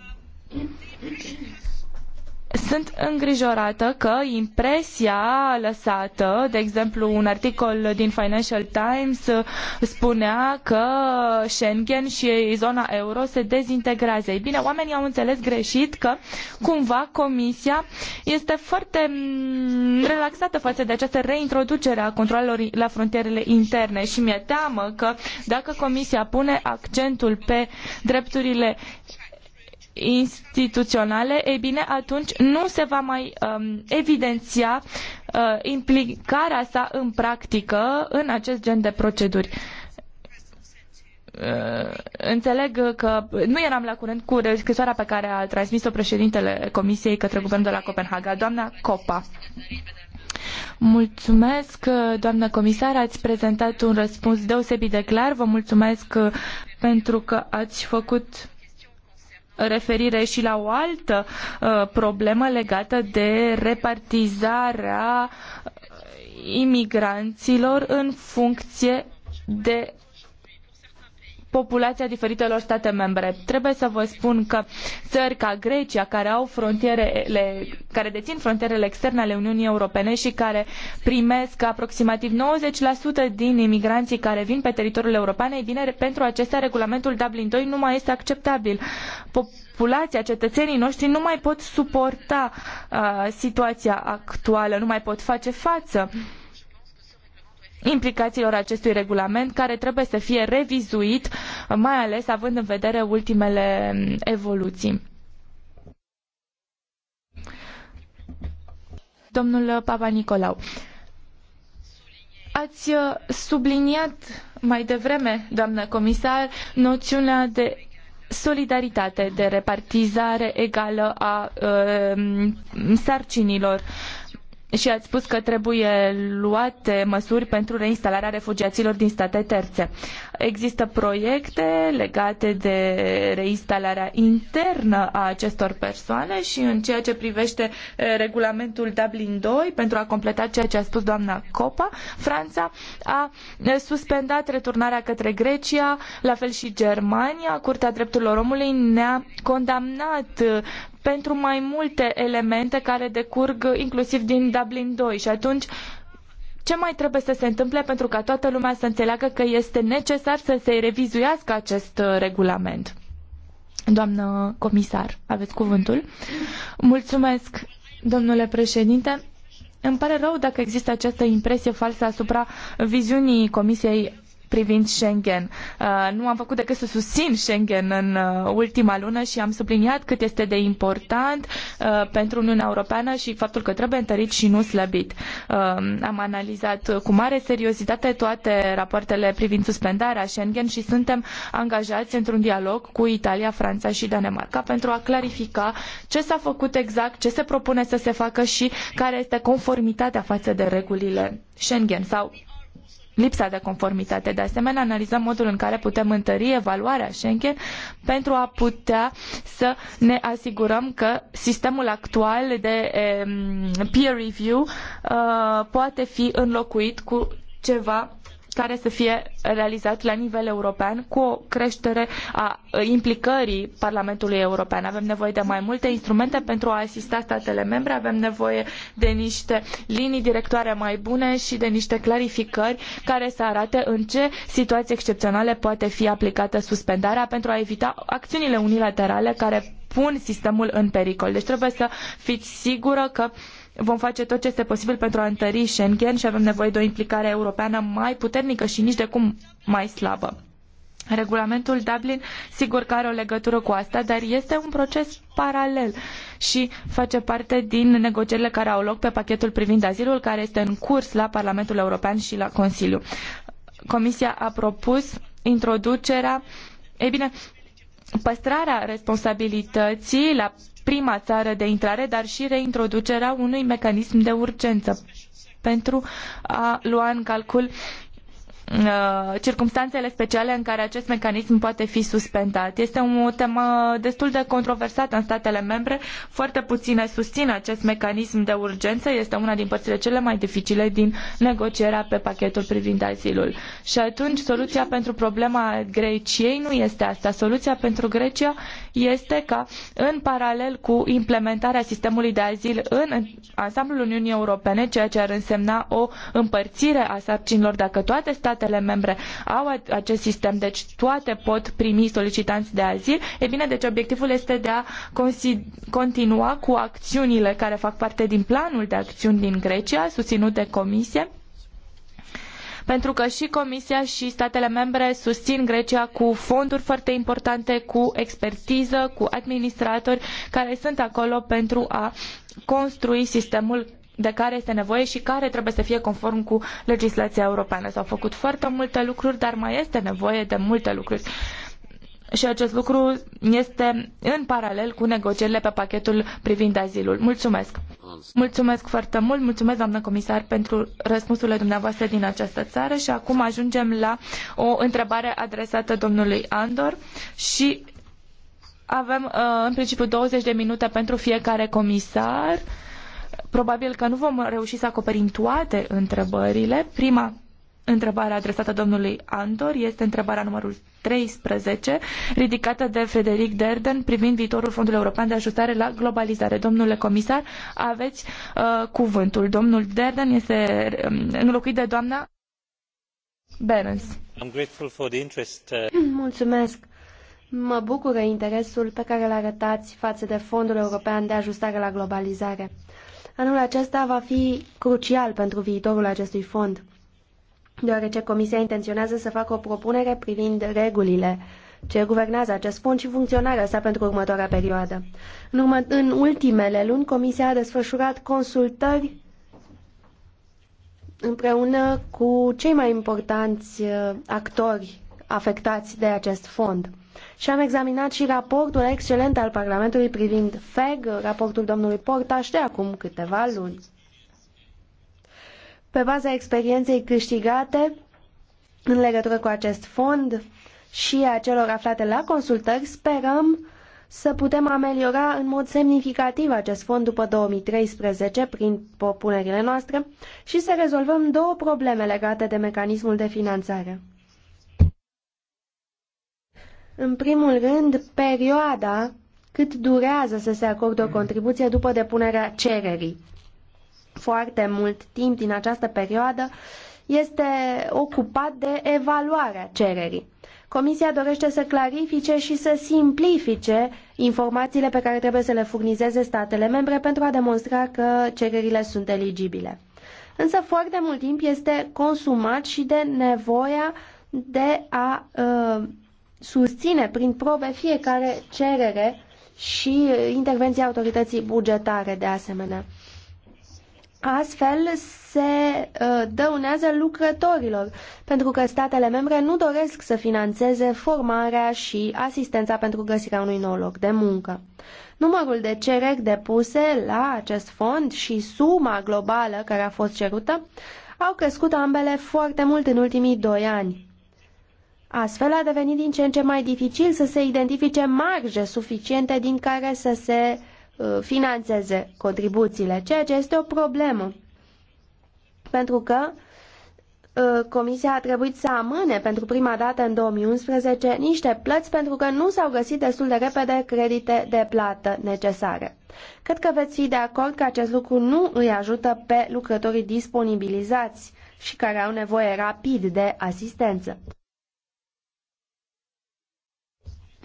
sunt îngrijorată că impresia lăsată, de exemplu, un articol din Financial Times spunea că Schengen și zona euro se dezintegrează. Ei bine, oamenii au înțeles greșit că cumva Comisia este foarte mm, relaxată față de această reintroducere a controlelor la frontierele interne și mi-e teamă că dacă Comisia pune accentul pe drepturile instituționale, e bine, atunci nu se va mai um, evidenția uh, implicarea sa în practică în acest gen de proceduri. Uh, înțeleg că nu eram la curent cu scrisoarea pe care a transmis-o președintele Comisiei către guvernul de la Copenhaga, doamna Copa. Mulțumesc, doamnă comisar, ați prezentat un răspuns deosebit de clar. Vă mulțumesc pentru că ați făcut referire și la o altă uh, problemă legată de repartizarea uh, imigranților în funcție de populația diferitelor state membre. Trebuie să vă spun că țări ca Grecia, care au frontierele, care dețin frontierele externe ale Uniunii Europene și care primesc aproximativ 90% din imigranții care vin pe teritoriul european, ei bine, pentru acestea regulamentul Dublin 2 nu mai este acceptabil. Populația, cetățenii noștri nu mai pot suporta uh, situația actuală, nu mai pot face față uh, implicaiilor acestui regulament care trebuie să fie revizuit, mai ales având în vedere ultimele mm, evoluii. Domnul Papa Nicolau, ați uh, subliniat mai devreme, doamnă comisar, noțiunea de solidaritate, de repartizare egală a uh, mm, sarcinilor și ați spus că trebuie luate măsuri pentru reinstalarea refugiaților din state terțe. Există proiecte legate de reinstalarea internă a acestor persoane și în ceea ce privește eh, regulamentul Dublin 2, pentru a completa ceea ce a spus doamna Copa, Franța a eh, suspendat returnarea către Grecia, la fel și Germania. Curtea Drepturilor Omului ne-a condamnat eh, pentru mai multe elemente care decurg inclusiv din Dublin 2 și atunci ce mai trebuie să se întâmple pentru ca toată lumea să înțeleagă că este necesar să se revizuiască acest uh, regulament? Doamnă comisar, aveți cuvântul. Mulțumesc, domnule președinte. Îmi pare rău dacă există această impresie falsă asupra viziunii Comisiei privind Schengen. Uh, nu am făcut decât să susțin Schengen în uh, ultima lună și am subliniat cât este de important uh, pentru Uniunea Europeană și faptul că trebuie întărit și nu slăbit. Am analizat cu mare seriozitate toate rapoartele privind suspendarea Schengen și suntem angajați într-un dialog cu Italia, Franța și Danemarca pentru a clarifica ce s-a făcut exact, ce se propune să se facă și care este conformitatea față de regulile Schengen sau lipsa de conformitate. De asemenea, analizăm modul în care putem întări evaluarea Schengen pentru a putea să ne asigurăm că sistemul actual de peer review uh, poate fi înlocuit cu ceva care să fie realizat la nivel european cu o creștere a implicării Parlamentului European. Avem nevoie de mai multe instrumente pentru a asista statele membre, avem nevoie de niște linii directoare mai bune și de niște clarificări care să arate în ce situații excepționale poate fi aplicată suspendarea pentru a evita acțiunile unilaterale care pun sistemul în pericol. Deci trebuie să fiți sigură că Vom face tot ce este posibil pentru a întări Schengen și avem nevoie de o implicare europeană mai puternică și nici de cum mai slabă. Regulamentul Dublin sigur că are o legătură cu asta, dar este un proces paralel și face parte din negocierile care au loc pe pachetul privind azilul, care este în curs la Parlamentul European și la Consiliu. Comisia a propus introducerea. Ei bine, păstrarea responsabilității la prima țară de intrare, dar și reintroducerea unui mecanism de urgență pentru a lua în calcul Uh, circumstanțele speciale în care acest mecanism poate fi suspendat. Este o temă destul de controversată în statele membre. Foarte puține susțin acest mecanism de urgență. Este una din părțile cele mai dificile din negocierea pe pachetul privind azilul. Și atunci soluția pentru problema Greciei nu este asta. Soluția pentru Grecia este ca în paralel cu implementarea sistemului de azil în ansamblul Uniunii Europene, ceea ce ar însemna o împărțire a sarcinilor dacă toate statele statele membre au acest sistem, deci toate pot primi solicitanți de azil, e bine, deci obiectivul este de a continua cu acțiunile care fac parte din planul de acțiuni din Grecia, susținut de Comisie, pentru că și Comisia și statele membre susțin Grecia cu fonduri foarte importante, cu expertiză, cu administratori care sunt acolo pentru a construi sistemul de care este nevoie și care trebuie să fie conform cu legislația europeană. S-au făcut foarte multe lucruri, dar mai este nevoie de multe lucruri. Și acest lucru este în paralel cu negocierile pe pachetul privind azilul. Mulțumesc! Mulțumesc foarte mult, mulțumesc doamnă comisar pentru răspunsurile dumneavoastră din această țară și acum ajungem la o întrebare adresată domnului Andor și avem uh, în principiu 20 de minute pentru fiecare comisar. Probabil că nu vom reuși să acoperim toate întrebările. Prima întrebare adresată domnului Andor este întrebarea numărul 13, ridicată de Frederic Derden privind viitorul Fondului European de Ajustare la Globalizare. Domnule comisar, aveți uh, cuvântul. Domnul Derden este um, înlocuit de doamna Berens. Uh, Mulțumesc. Mă bucură interesul pe care l arătați față de Fondul European de Ajustare la Globalizare. Anul acesta va fi crucial pentru viitorul acestui fond, deoarece Comisia intenționează să facă o propunere privind regulile ce guvernează acest fond și funcționarea sa pentru următoarea perioadă. În, urmă, în ultimele luni, Comisia a desfășurat consultări împreună cu cei mai importanți uh, actori afectați de acest fond. Și am examinat și raportul excelent al Parlamentului privind FEG, raportul domnului Portaș de acum câteva luni. Pe baza experienței câștigate în legătură cu acest fond și a celor aflate la consultări, sperăm să putem ameliora în mod semnificativ acest fond după 2013 prin propunerile noastre și să rezolvăm două probleme legate de mecanismul de finanțare. În primul rând, perioada cât durează să se acorde o contribuție după depunerea cererii. Foarte mult timp din această perioadă este ocupat de evaluarea cererii. Comisia dorește să clarifice și să simplifice informațiile pe care trebuie să le furnizeze statele membre pentru a demonstra că cererile sunt eligibile. Însă foarte mult timp este consumat și de nevoia de a uh, susține prin probe fiecare cerere și intervenția autorității bugetare de asemenea. Astfel se uh, dăunează lucrătorilor, pentru că statele membre nu doresc să financeze formarea și asistența pentru găsirea unui nou loc de muncă. Numărul de cereri depuse la acest fond și suma globală care a fost cerută au crescut ambele foarte mult în ultimii doi ani. Astfel a devenit din ce în ce mai dificil să se identifice marje suficiente din care să se uh, financeze contribuțiile, ceea ce este o problemă. Pentru că uh, Comisia a trebuit să amâne pentru prima dată în 2011 niște plăți pentru că nu s-au găsit destul de repede credite de plată necesare. Cred că veți fi de acord că acest lucru nu îi ajută pe lucrătorii disponibilizați și care au nevoie rapid de asistență.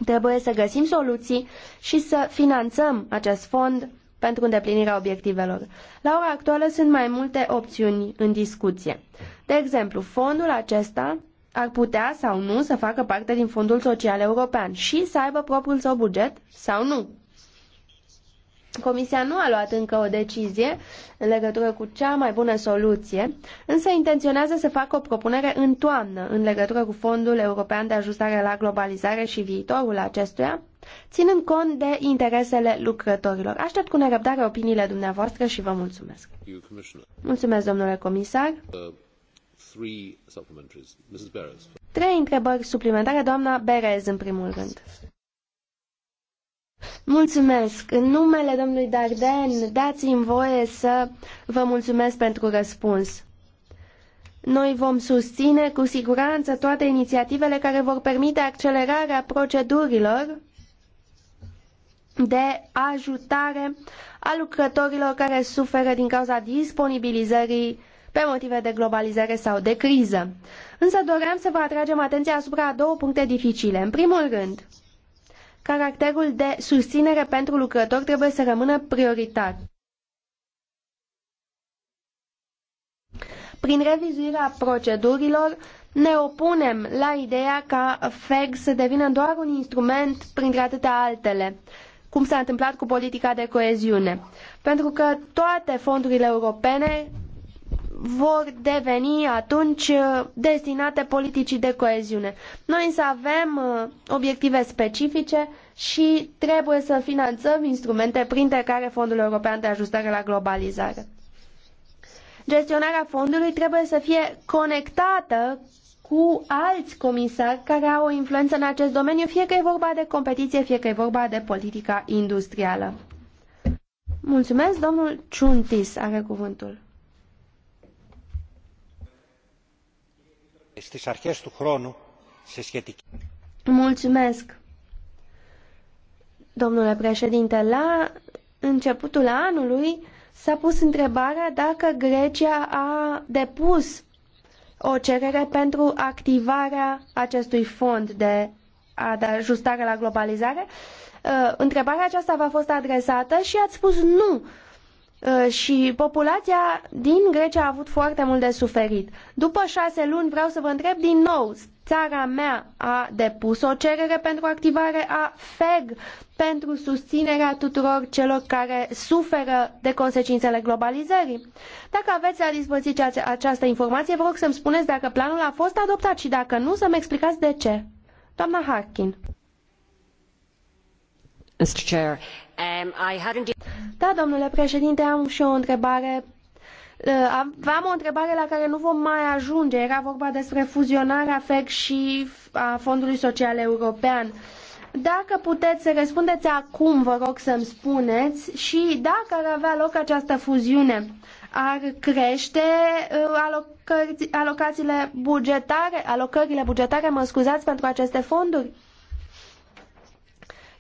Trebuie să găsim soluții și să finanțăm acest fond pentru îndeplinirea obiectivelor. La ora actuală sunt mai multe opțiuni în discuție. De exemplu, fondul acesta ar putea sau nu să facă parte din Fondul Social European și să aibă propriul său buget sau nu. Comisia nu a luat încă o decizie în legătură cu cea mai bună soluție, însă intenționează să facă o propunere în toamnă în legătură cu Fondul European de Ajustare la Globalizare și viitorul acestuia, ținând cont de interesele lucrătorilor. Aștept cu nerăbdare opiniile dumneavoastră și vă mulțumesc. Mulțumesc, domnule comisar. Uh, Trei întrebări suplimentare, doamna Berez, în primul rând. Mulțumesc. În numele domnului Darden, dați-mi voie să vă mulțumesc pentru răspuns. Noi vom susține cu siguranță toate inițiativele care vor permite accelerarea procedurilor de ajutare a lucrătorilor care suferă din cauza disponibilizării pe motive de globalizare sau de criză. Însă doream să vă atragem atenția asupra a două puncte dificile. În primul rând, Caracterul de susținere pentru lucrător trebuie să rămână prioritar. Prin revizuirea procedurilor, ne opunem la ideea ca FEG să devină doar un instrument printre atâtea altele, cum s-a întâmplat cu politica de coeziune. Pentru că toate fondurile europene vor deveni atunci uh, destinate politicii de coeziune. Noi să avem uh, obiective specifice și trebuie să finanțăm instrumente printre care Fondul European de Ajustare la Globalizare. Gestionarea fondului trebuie să fie conectată cu alți comisari care au o influență în acest domeniu, fie că e vorba de competiție, fie că e vorba de politica industrială. Mulțumesc, domnul Ciuntis are cuvântul. Στις αρχές του χρόνου, σε σχετική... Mulțumesc, domnule președinte. La începutul anului s-a pus întrebarea dacă Grecia a depus o cerere pentru activarea acestui fond de ajustare la globalizare. Uh, întrebarea aceasta v-a fost adresată și ați spus nu. Uh, și populația din Grecia a avut foarte mult de suferit. După șase luni vreau să vă întreb din nou, țara mea a depus o cerere pentru activare a FEG pentru susținerea tuturor celor care suferă de consecințele globalizării. Dacă aveți la dispoziție această informație, vă rog să-mi spuneți dacă planul a fost adoptat și dacă nu, să-mi explicați de ce. Doamna Harkin. Um, da, domnule președinte, am și o întrebare. Aveam uh, o întrebare la care nu vom mai ajunge. Era vorba despre fuzionarea FEC și a Fondului Social European. Dacă puteți să răspundeți acum, vă rog să-mi spuneți, și dacă ar avea loc această fuziune, ar crește uh, alocațiile bugetare, alocările bugetare, mă scuzați, pentru aceste fonduri?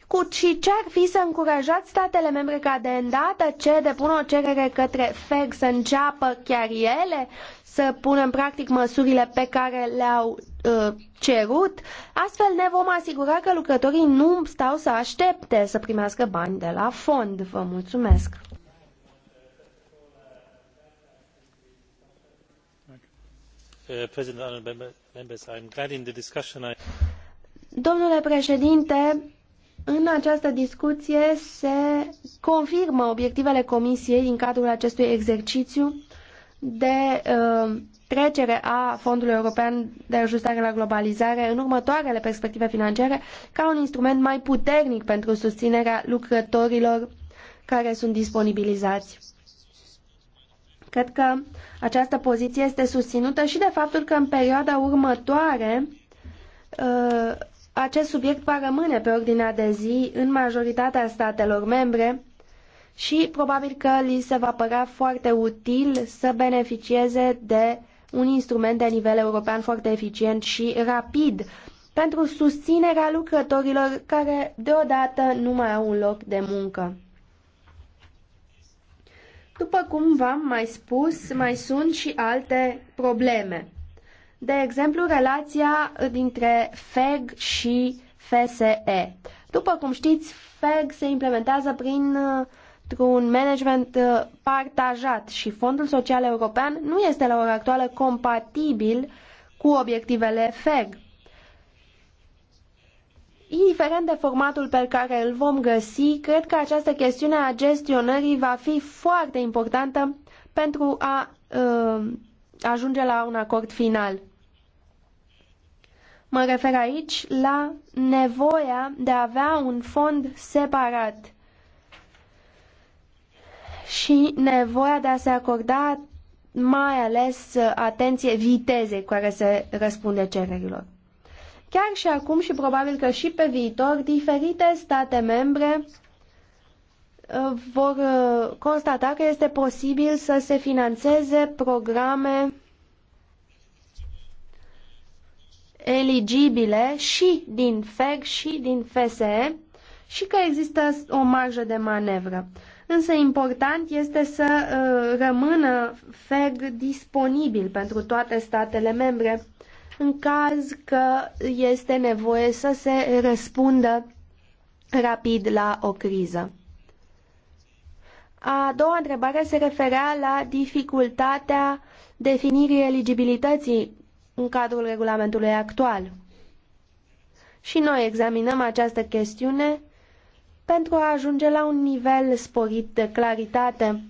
cu și ce ar fi să încurajați statele membre ca de îndată ce depun o cerere către FEG să înceapă chiar ele să pună în practic măsurile pe care le-au uh, cerut, astfel ne vom asigura că lucrătorii nu stau să aștepte să primească bani de la fond. Vă mulțumesc! Uh, Domnule președinte, în această discuție se confirmă obiectivele Comisiei din cadrul acestui exercițiu de uh, trecere a Fondului European de Ajustare la Globalizare în următoarele perspective financiare ca un instrument mai puternic pentru susținerea lucrătorilor care sunt disponibilizați. Cred că această poziție este susținută și de faptul că în perioada următoare uh, acest subiect va rămâne pe ordinea de zi în majoritatea statelor membre și probabil că li se va părea foarte util să beneficieze de un instrument de nivel european foarte eficient și rapid pentru susținerea lucrătorilor care deodată nu mai au un loc de muncă. După cum v-am mai spus, mai sunt și alte probleme de exemplu, relația dintre FEG și FSE. După cum știți, FEG se implementează prin uh, un management uh, partajat și Fondul Social European nu este la ora actuală compatibil cu obiectivele FEG. Indiferent de formatul pe care îl vom găsi, cred că această chestiune a gestionării va fi foarte importantă pentru a uh, ajunge la un acord final. Mă refer aici la nevoia de a avea un fond separat și nevoia de a se acorda mai ales atenție vitezei cu care se răspunde cererilor. Chiar și acum și probabil că și pe viitor, diferite state membre vor uh, constata că este posibil să se financeze programe eligibile și din FEG și din FSE și că există o marjă de manevră. Însă important este să uh, rămână FEG disponibil pentru toate statele membre în caz că este nevoie să se răspundă rapid la o criză. A doua întrebare se referea la dificultatea definirii eligibilității în cadrul regulamentului actual. Și noi examinăm această chestiune pentru a ajunge la un nivel sporit de claritate.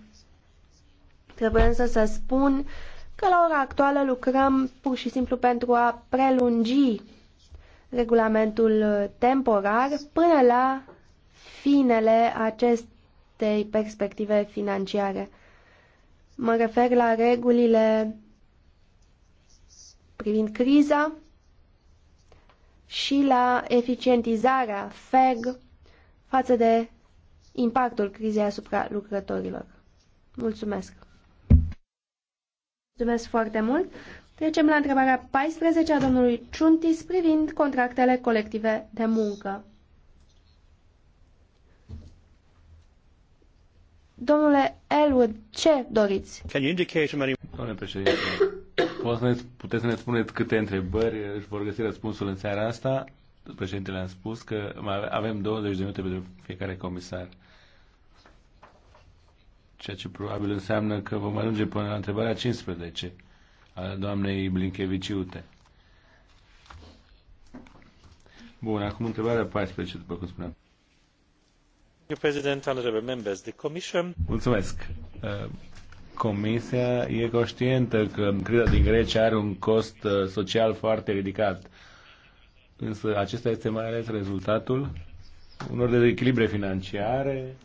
Trebuie însă să spun că la ora actuală lucrăm pur și simplu pentru a prelungi regulamentul temporar până la finele acest, acestei perspective financiare. Mă refer la regulile privind criza și la eficientizarea FEG față de impactul crizei asupra lucrătorilor. Mulțumesc! Mulțumesc foarte mult! Trecem la întrebarea 14 a domnului Ciuntis privind contractele colective de muncă. Domnule Elwood, ce doriți? Can you indicate many... Domnule președinte, poți să ne, puteți să ne spuneți câte întrebări își vor găsi răspunsul în seara asta? Președintele a spus că avem 20 de minute pentru fiecare comisar. Ceea ce probabil înseamnă că vom ajunge până la întrebarea 15 a doamnei Blinkeviciute. Bun, acum întrebarea 14, după cum spuneam. Uh, comisia e conștientă că criza din Grecia are un cost uh, social foarte ridicat. Însă acesta este mai ales rezultatul unor dezechilibre financiare,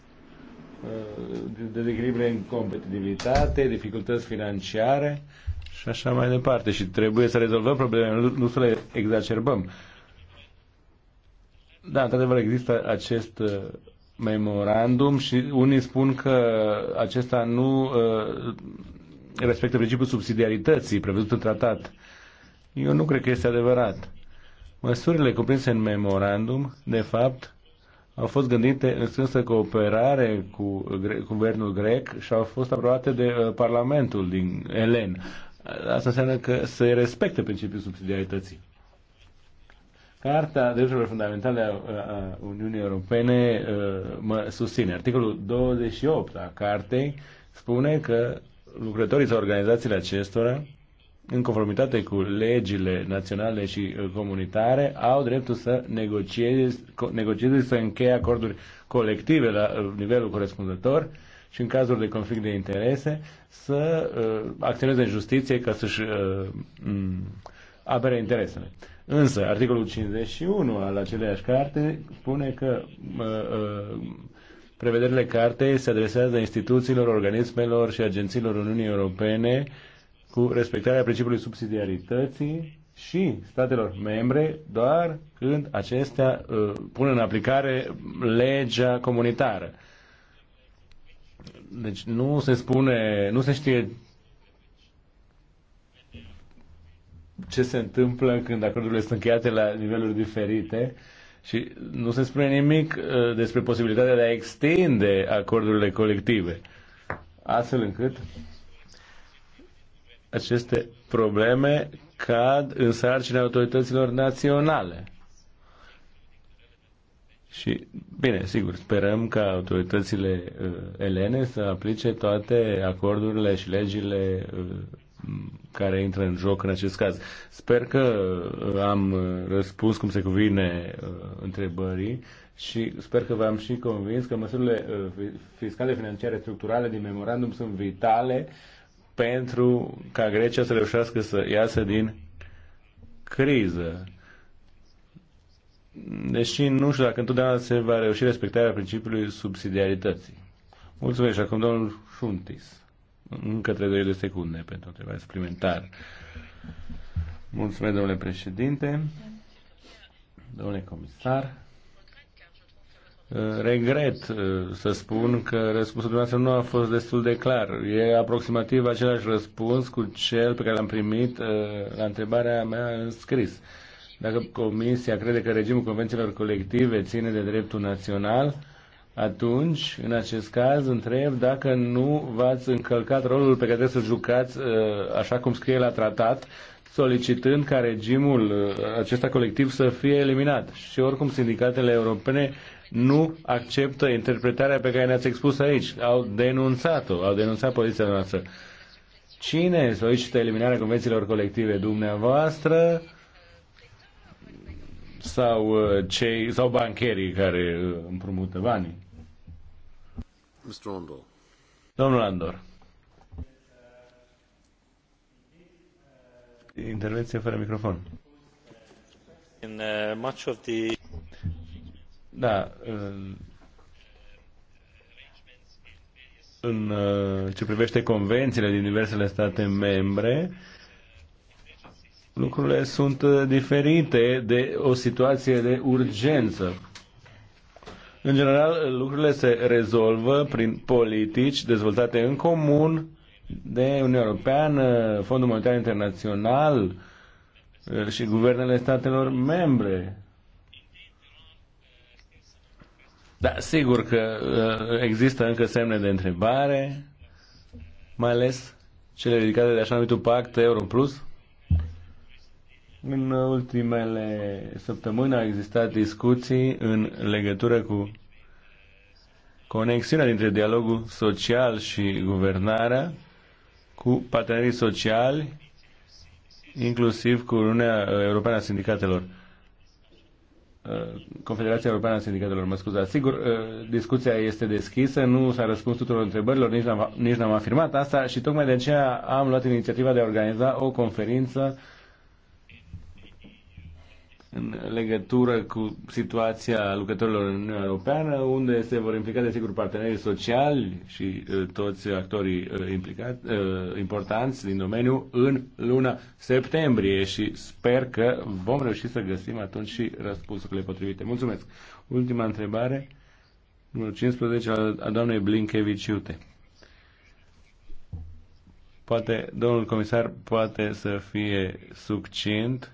uh, dezechilibre în competitivitate, dificultăți financiare și așa mai departe. Și trebuie să rezolvăm problemele, nu să le exacerbăm. Da, într-adevăr există acest memorandum și unii spun că acesta nu uh, respectă principiul subsidiarității prevăzut în tratat. Eu nu cred că este adevărat. Măsurile cuprinse în memorandum, de fapt, au fost gândite în strânsă cooperare cu guvernul grec și au fost aprobate de uh, Parlamentul din Elen. Asta înseamnă că se respectă principiul subsidiarității. Carta Drepturilor Fundamentale a Uniunii Europene mă susține. Articolul 28 a cartei spune că lucrătorii sau organizațiile acestora, în conformitate cu legile naționale și uh, comunitare, au dreptul să negocieze, negocieze să încheie acorduri colective la uh, nivelul corespunzător și în cazul de conflict de interese să uh, acționeze în justiție ca să-și uh, apere interesele. Însă, articolul 51 al aceleiași carte spune că uh, uh, prevederile cartei se adresează instituțiilor, organismelor și agențiilor Uniunii Europene cu respectarea principiului subsidiarității și statelor membre doar când acestea uh, pun în aplicare legea comunitară. Deci nu se spune, nu se știe ce se întâmplă când acordurile sunt încheiate la niveluri diferite și nu se spune nimic uh, despre posibilitatea de a extinde acordurile colective, astfel încât aceste probleme cad în sarcina autorităților naționale. Și, bine, sigur, sperăm ca autoritățile uh, elene să aplice toate acordurile și legile uh, care intră în joc în acest caz. Sper că uh, am uh, răspuns cum se cuvine uh, întrebării și sper că v-am și convins că măsurile fiscale, financiare, structurale din memorandum sunt vitale pentru ca Grecia să reușească să iasă din criză. Deși nu știu dacă întotdeauna se va reuși respectarea principiului subsidiarității. Mulțumesc și acum domnul Șuntis. Încă 30 de secunde pentru întrebare suplimentar. Mulțumesc, domnule președinte, domnule comisar. Regret uh, să spun că răspunsul dumneavoastră nu a fost destul de clar. E aproximativ același răspuns cu cel pe care l-am primit uh, la întrebarea mea în scris. Dacă Comisia crede că regimul convențiilor colective ține de dreptul național, atunci, în acest caz, întreb dacă nu v-ați încălcat rolul pe care trebuie să-l jucați, uh, așa cum scrie la tratat, solicitând ca regimul uh, acesta colectiv să fie eliminat. Și oricum sindicatele europene nu acceptă interpretarea pe care ne-ați expus aici. Au denunțat-o, au denunțat poziția noastră. Cine solicită eliminarea convențiilor colective? Dumneavoastră? sau, uh, cei, sau bancherii care uh, împrumută banii? Mr. Andor. Domnul Andor. Intervenție fără microfon. In, uh, much of the... Da. Uh, în uh, ce privește convențiile din diversele state membre, lucrurile sunt uh, diferite de o situație de urgență. În general, lucrurile se rezolvă prin politici dezvoltate în comun de Uniunea Europeană, Fondul Monetar Internațional uh, și guvernele statelor membre. Da, sigur că uh, există încă semne de întrebare, mai ales cele ridicate de așa numitul pact Euro Plus. În ultimele săptămâni au existat discuții în legătură cu conexiunea dintre dialogul social și guvernarea cu partenerii sociali, inclusiv cu Uniunea Europeană a Sindicatelor. Uh, Confederația Europeană a Sindicatelor, mă scuzați. Sigur, uh, discuția este deschisă, nu s-a răspuns tuturor întrebărilor, nici n-am, nici n-am afirmat asta și tocmai de aceea am luat inițiativa de a organiza o conferință în legătură cu situația lucrătorilor în Uniunea Europeană, unde se vor implica, desigur, partenerii sociali și uh, toți actorii uh, implicați, uh, importanți din domeniu în luna septembrie și sper că vom reuși să găsim atunci și răspunsurile potrivite. Mulțumesc! Ultima întrebare, numărul 15 a, a doamnei Blinkevici Iute. Poate, domnul comisar poate să fie succint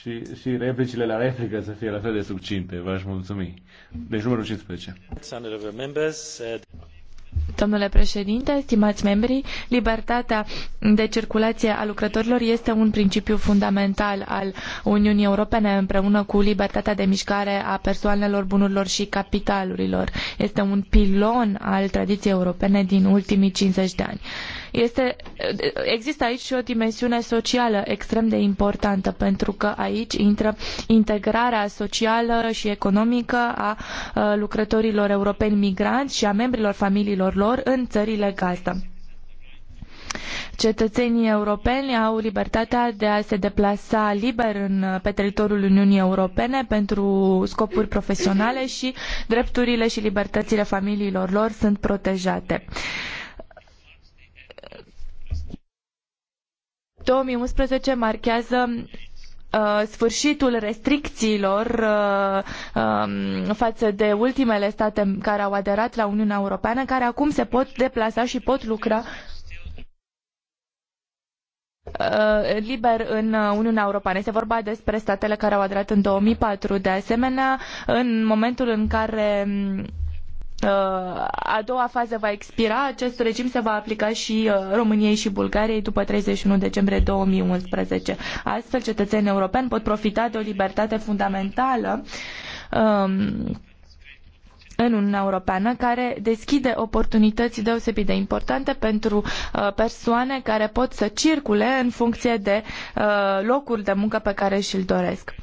și, și replicile la replică să fie la fel de subcinte. V-aș mulțumi. Deci numărul 15. Domnule președinte, stimați membri, libertatea de circulație a lucrătorilor este un principiu fundamental al Uniunii Europene împreună cu libertatea de mișcare a persoanelor, bunurilor și capitalurilor. Este un pilon al tradiției europene din ultimii 50 de ani. Este, există aici și o dimensiune socială extrem de importantă, pentru că aici intră integrarea socială și economică a lucrătorilor europeni migranți și a membrilor familiilor lor în țările gazdă. Cetățenii europeni au libertatea de a se deplasa liber în, pe teritoriul Uniunii Europene pentru scopuri profesionale și drepturile și libertățile familiilor lor sunt protejate. Uh, 2011 marchează uh, sfârșitul restricțiilor uh, um, față de ultimele state care au aderat la Uniunea Europeană, care acum se pot deplasa și pot lucra uh, liber în Uniunea Europeană. Este vorba despre statele care au aderat în 2004. De asemenea, în momentul în care a doua fază va expira, acest regim se va aplica și uh, României și Bulgariei după 31 decembrie 2011. Astfel, cetățenii europeni pot profita de o libertate fundamentală um, în Uniunea Europeană, care deschide oportunități deosebit de importante pentru uh, persoane care pot să circule în funcție de uh, locul de muncă pe care și-l doresc.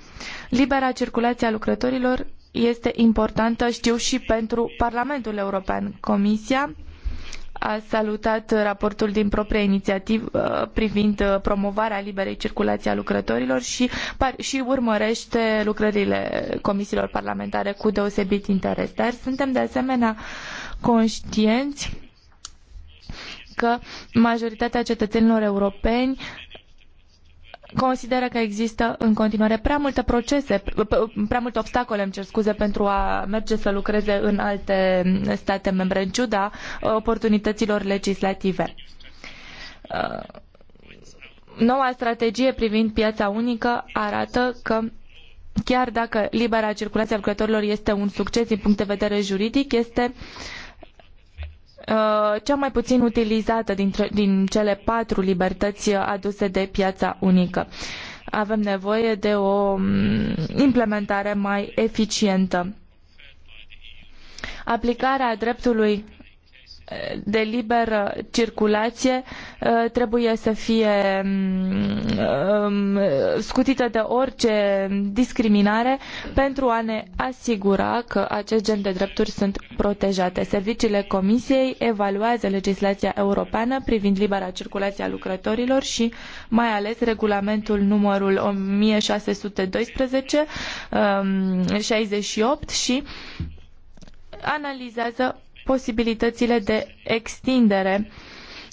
Libera circulație a lucrătorilor este importantă, știu, și pentru Parlamentul European. Comisia a salutat raportul din proprie inițiativă uh, privind uh, promovarea liberei circulații a lucrătorilor și, par, și urmărește lucrările comisiilor parlamentare cu deosebit interes. Dar suntem de asemenea conștienți că majoritatea cetățenilor europeni consideră că există în continuare prea multe procese, prea multe obstacole, îmi cer scuze, pentru a merge să lucreze în alte state membre, în ciuda oportunităților legislative. Uh, noua strategie privind piața unică arată că chiar dacă libera circulație a lucrătorilor este un succes din punct de vedere juridic, este uh, Uh, cea mai puțin utilizată dintre, din cele patru libertăți aduse de piața unică. Avem nevoie de o mm, implementare mai eficientă. Aplicarea dreptului de liberă circulație uh, trebuie să fie mm, um, scutită de orice discriminare pentru a ne asigura că acest gen de drepturi sunt protejate. Serviciile Comisiei evaluează legislația europeană privind libera circulație a lucrătorilor și mai ales regulamentul numărul 1612 68 um, și analizează posibilitățile de extindere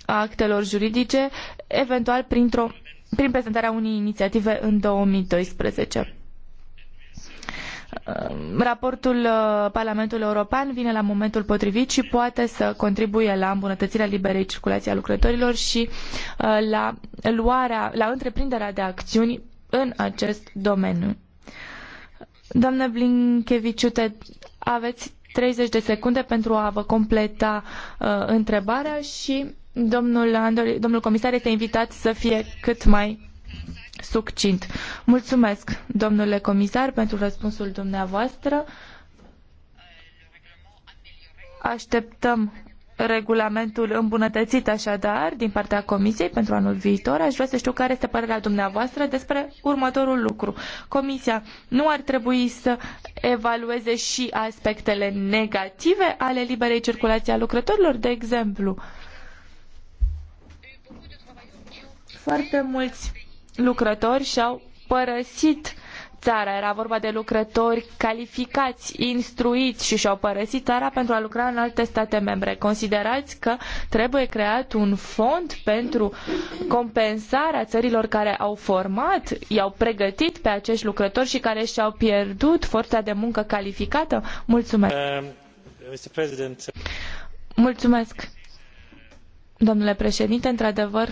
a actelor juridice, eventual printr-o, prin prezentarea unei inițiative în 2012. Raportul uh, Parlamentului European vine la momentul potrivit și poate să contribuie la îmbunătățirea liberei circulației a lucrătorilor și uh, la luarea, la întreprinderea de acțiuni în acest domeniu. Doamnă Blinkeviciute, aveți 30 de secunde pentru a vă completa uh, întrebarea și domnul, Andor, domnul comisar este invitat să fie cât mai succint. Mulțumesc, domnule comisar, pentru răspunsul dumneavoastră. Așteptăm regulamentul îmbunătățit așadar din partea Comisiei pentru anul viitor. Aș vrea să știu care este părerea dumneavoastră despre următorul lucru. Comisia nu ar trebui să evalueze și aspectele negative ale liberei circulații a lucrătorilor, de exemplu. Foarte mulți lucrători și-au părăsit țara. Era vorba de lucrători calificați, instruiți și și-au părăsit țara pentru a lucra în alte state membre. Considerați că trebuie creat un fond pentru compensarea țărilor care au format, i-au pregătit pe acești lucrători și care și-au pierdut forța de muncă calificată? Mulțumesc! Um, Mulțumesc, domnule președinte. Într-adevăr,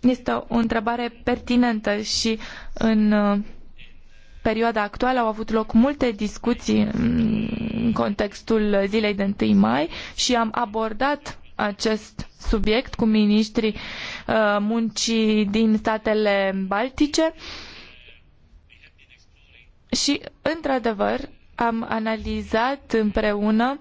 este o întrebare pertinentă și în uh, perioada actuală au avut loc multe discuții în contextul zilei de 1 mai și am abordat acest subiect cu ministrii uh, muncii din statele baltice și, într-adevăr, am analizat împreună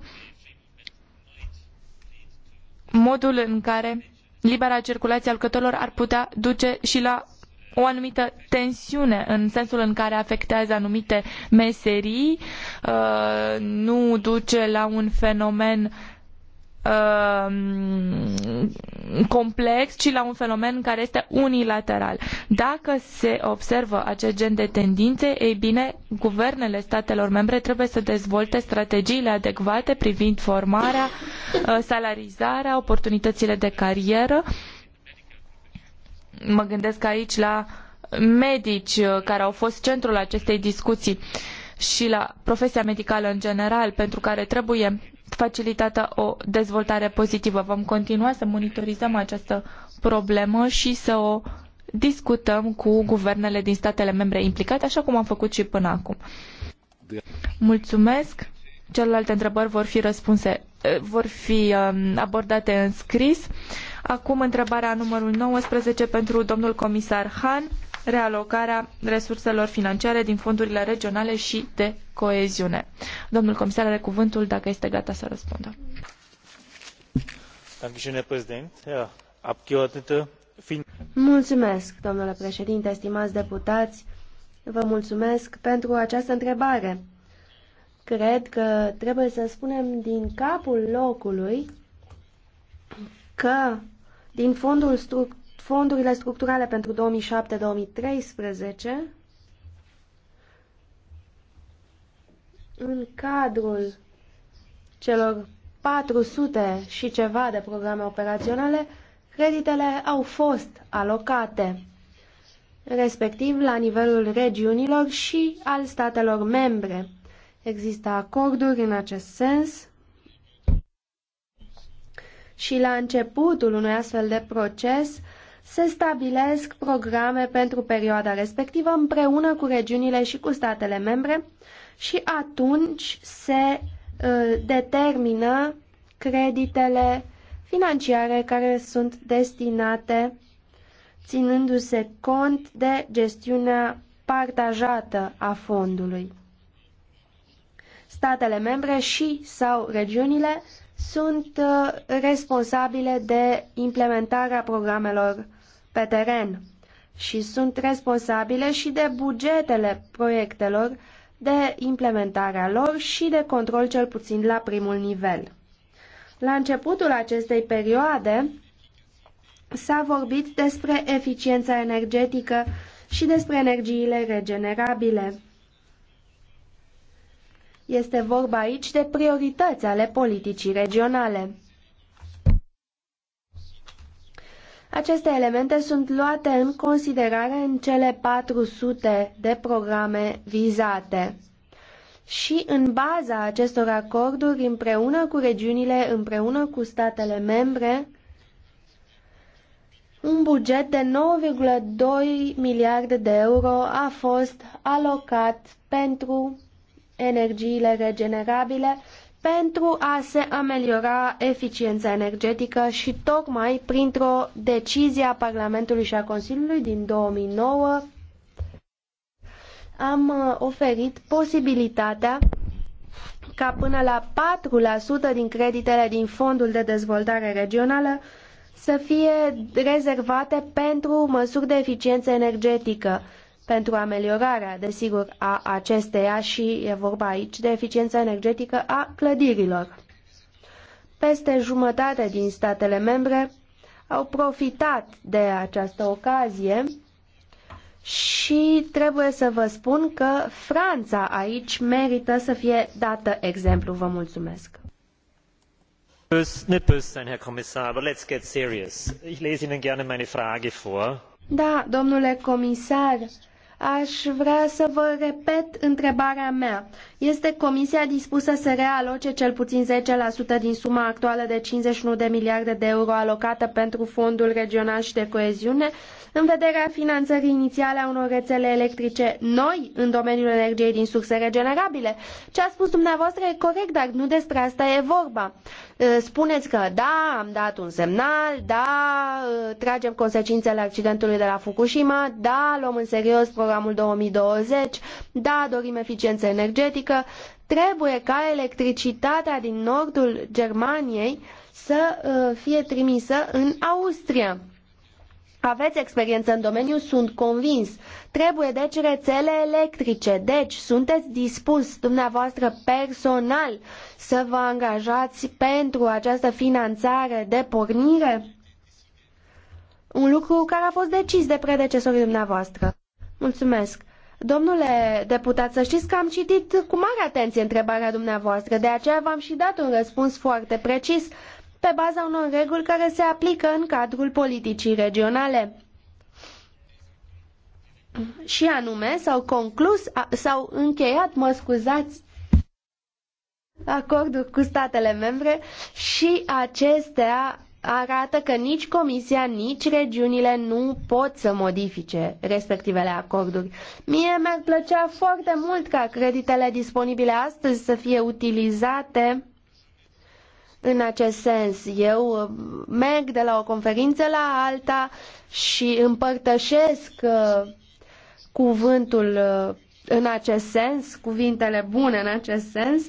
modul în care libera circulație al ar putea duce și la o anumită tensiune în sensul în care afectează anumite meserii, uh, nu duce la un fenomen uh, complex, ci la un fenomen care este unilateral. Dacă se observă acest gen de tendințe, ei bine, guvernele statelor membre trebuie să dezvolte strategiile adecvate privind formarea, uh, salarizarea, oportunitățile de carieră uh, Mă gândesc aici la medici uh, care au fost centrul acestei discuții și la profesia medicală în general, pentru care trebuie facilitată o dezvoltare pozitivă. Vom continua să monitorizăm această problemă și să o discutăm cu guvernele din statele membre implicate, așa cum am făcut și până acum. Mulțumesc. Celelalte întrebări vor fi răspunse vor fi um, abordate în scris. Acum întrebarea numărul 19 pentru domnul comisar Han, realocarea resurselor financiare din fondurile regionale și de coeziune. Domnul comisar are cuvântul dacă este gata să răspundă. Mulțumesc, domnule președinte, stimați deputați. Vă mulțumesc pentru această întrebare. Cred că trebuie să spunem din capul locului că din fondul struct fondurile structurale pentru 2007-2013 în cadrul celor 400 și ceva de programe operaționale, creditele au fost alocate, respectiv la nivelul regiunilor și al statelor membre. Există acorduri în acest sens și la începutul unui astfel de proces se stabilesc programe pentru perioada respectivă împreună cu regiunile și cu statele membre și atunci se uh, determină creditele financiare care sunt destinate ținându-se cont de gestiunea partajată a fondului statele membre și sau regiunile sunt uh, responsabile de implementarea programelor pe teren și sunt responsabile și de bugetele proiectelor, de implementarea lor și de control cel puțin la primul nivel. La începutul acestei perioade s-a vorbit despre eficiența energetică și despre energiile regenerabile. Este vorba aici de priorități ale politicii regionale. Aceste elemente sunt luate în considerare în cele 400 de programe vizate. Și în baza acestor acorduri, împreună cu regiunile, împreună cu statele membre, un buget de 9,2 miliarde de euro a fost alocat pentru energiile regenerabile pentru a se ameliora eficiența energetică și tocmai printr-o decizie a Parlamentului și a Consiliului din 2009 am uh, oferit posibilitatea ca până la 4% din creditele din Fondul de Dezvoltare Regională să fie rezervate pentru măsuri de eficiență energetică pentru ameliorarea, desigur, a acesteia și e vorba aici de eficiența energetică a clădirilor. Peste jumătate din statele membre au profitat de această ocazie și trebuie să vă spun că Franța aici merită să fie dată exemplu. Vă mulțumesc! Da, domnule comisar, aș vrea să vă repet întrebarea mea. Este Comisia dispusă să realoce cel puțin 10% din suma actuală de 51 de miliarde de euro alocată pentru Fondul Regional și de Coeziune? în vederea finanțării inițiale a unor rețele electrice noi în domeniul energiei din surse regenerabile. Ce a spus dumneavoastră e corect, dar nu despre asta e vorba. Spuneți că da, am dat un semnal, da, tragem consecințele accidentului de la Fukushima, da, luăm în serios programul 2020, da, dorim eficiență energetică, trebuie ca electricitatea din nordul Germaniei să fie trimisă în Austria. Aveți experiență în domeniu, sunt convins. Trebuie deci rețele electrice, deci sunteți dispus dumneavoastră personal să vă angajați pentru această finanțare de pornire? Un lucru care a fost decis de predecesorii dumneavoastră. Mulțumesc. Domnule deputat, să știți că am citit cu mare atenție întrebarea dumneavoastră, de aceea v-am și dat un răspuns foarte precis, pe baza unor reguli care se aplică în cadrul politicii regionale. Și anume, s-au conclus, s-au încheiat, mă scuzați, acorduri cu statele membre și acestea arată că nici Comisia, nici regiunile nu pot să modifice respectivele acorduri. Mie mi-ar plăcea foarte mult ca creditele disponibile astăzi să fie utilizate în acest sens. Eu uh, merg de la o conferință la alta și împărtășesc uh, cuvântul uh, în acest sens, cuvintele bune în acest sens,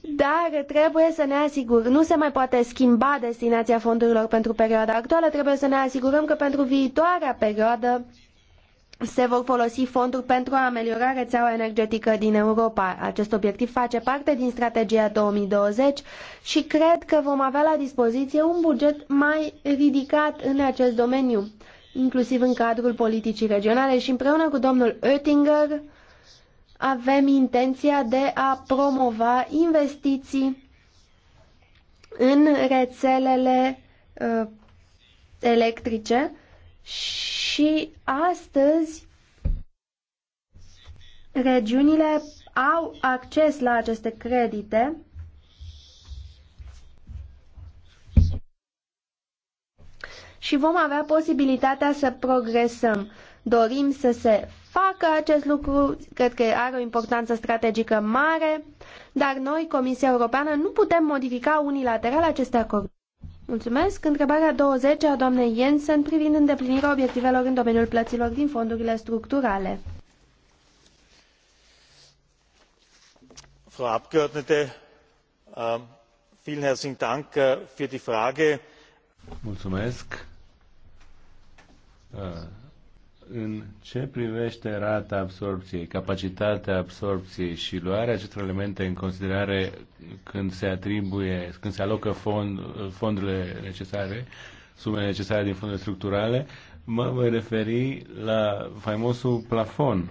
dar trebuie să ne asigurăm, nu se mai poate schimba destinația fondurilor pentru perioada actuală, trebuie să ne asigurăm că pentru viitoarea perioadă se vor folosi fonduri pentru a ameliora rețeaua energetică din Europa. Acest obiectiv face parte din strategia 2020 și cred că vom avea la dispoziție un buget mai ridicat în acest domeniu, inclusiv în cadrul politicii regionale și împreună cu domnul Oettinger avem intenția de a promova investiții în rețelele uh, electrice și astăzi regiunile au acces la aceste credite și vom avea posibilitatea să progresăm. Dorim să se facă acest lucru, cred că are o importanță strategică mare, dar noi, Comisia Europeană, nu putem modifica unilateral aceste acorduri. Mulțumesc. Întrebarea 20 a doamnei Jensen privind îndeplinirea obiectivelor în domeniul plăților din fondurile structurale. Frau Abgeordnete, ähm, vielen herzlichen Dank äh, für die Frage. Mulțumesc äh, în ce privește rata absorpției, capacitatea absorpției și luarea acestor elemente în considerare când se atribuie, când se alocă fond, fondurile necesare, sumele necesare din fondurile structurale, mă voi referi la faimosul plafon.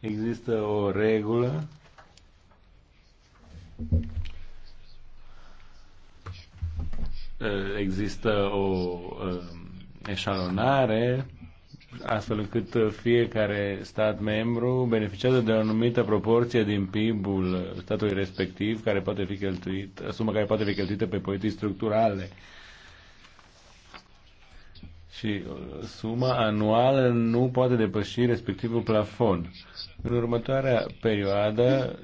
Există o regulă există o um, eșalonare astfel încât uh, fiecare stat membru beneficiază de o anumită proporție din PIB-ul statului respectiv, care poate fi cheltuit, uh, sumă care poate fi cheltuită pe politici structurale. Și uh, suma anuală nu poate depăși respectivul plafon. În următoarea perioadă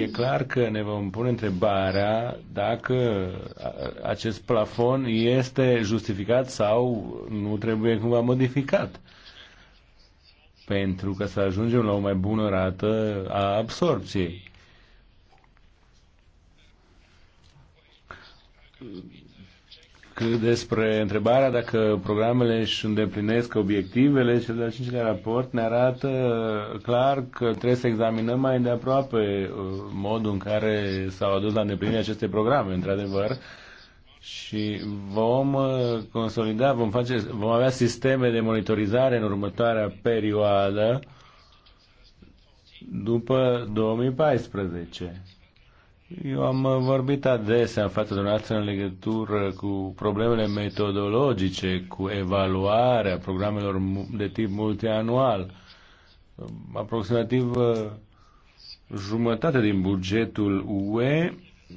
e clar că ne vom pune întrebarea dacă acest plafon este justificat sau nu trebuie cumva modificat pentru ca să ajungem la o mai bună rată a absorpției. Cât despre întrebarea dacă programele își îndeplinesc obiectivele, cel de-al cincilea raport ne arată clar că trebuie să examinăm mai de aproape uh, modul în care s-au adus la îndeplinire aceste programe, într-adevăr, și vom uh, consolida, vom, face, vom avea sisteme de monitorizare în următoarea perioadă după 2014. Eu am uh, vorbit adesea în fața dumneavoastră în legătură cu problemele metodologice, cu evaluarea programelor de tip multianual. Aproximativ uh, jumătate din bugetul UE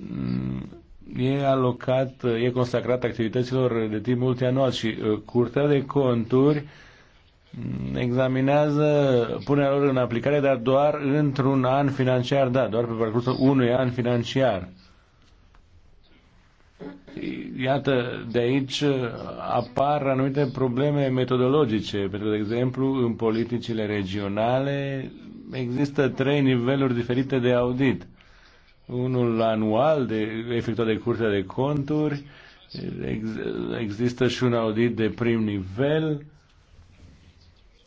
mm, e alocat, e consacrat activităților de timp multianual și uh, Curtea de Conturi mm, examinează punerea lor în aplicare, dar doar într-un an financiar, da, doar pe parcursul unui an financiar. Iată, de aici uh, apar anumite probleme metodologice. Pentru de exemplu, în politicile regionale există trei niveluri diferite de audit unul anual de, efectuat de Curtea de Conturi, ex, există și un audit de prim nivel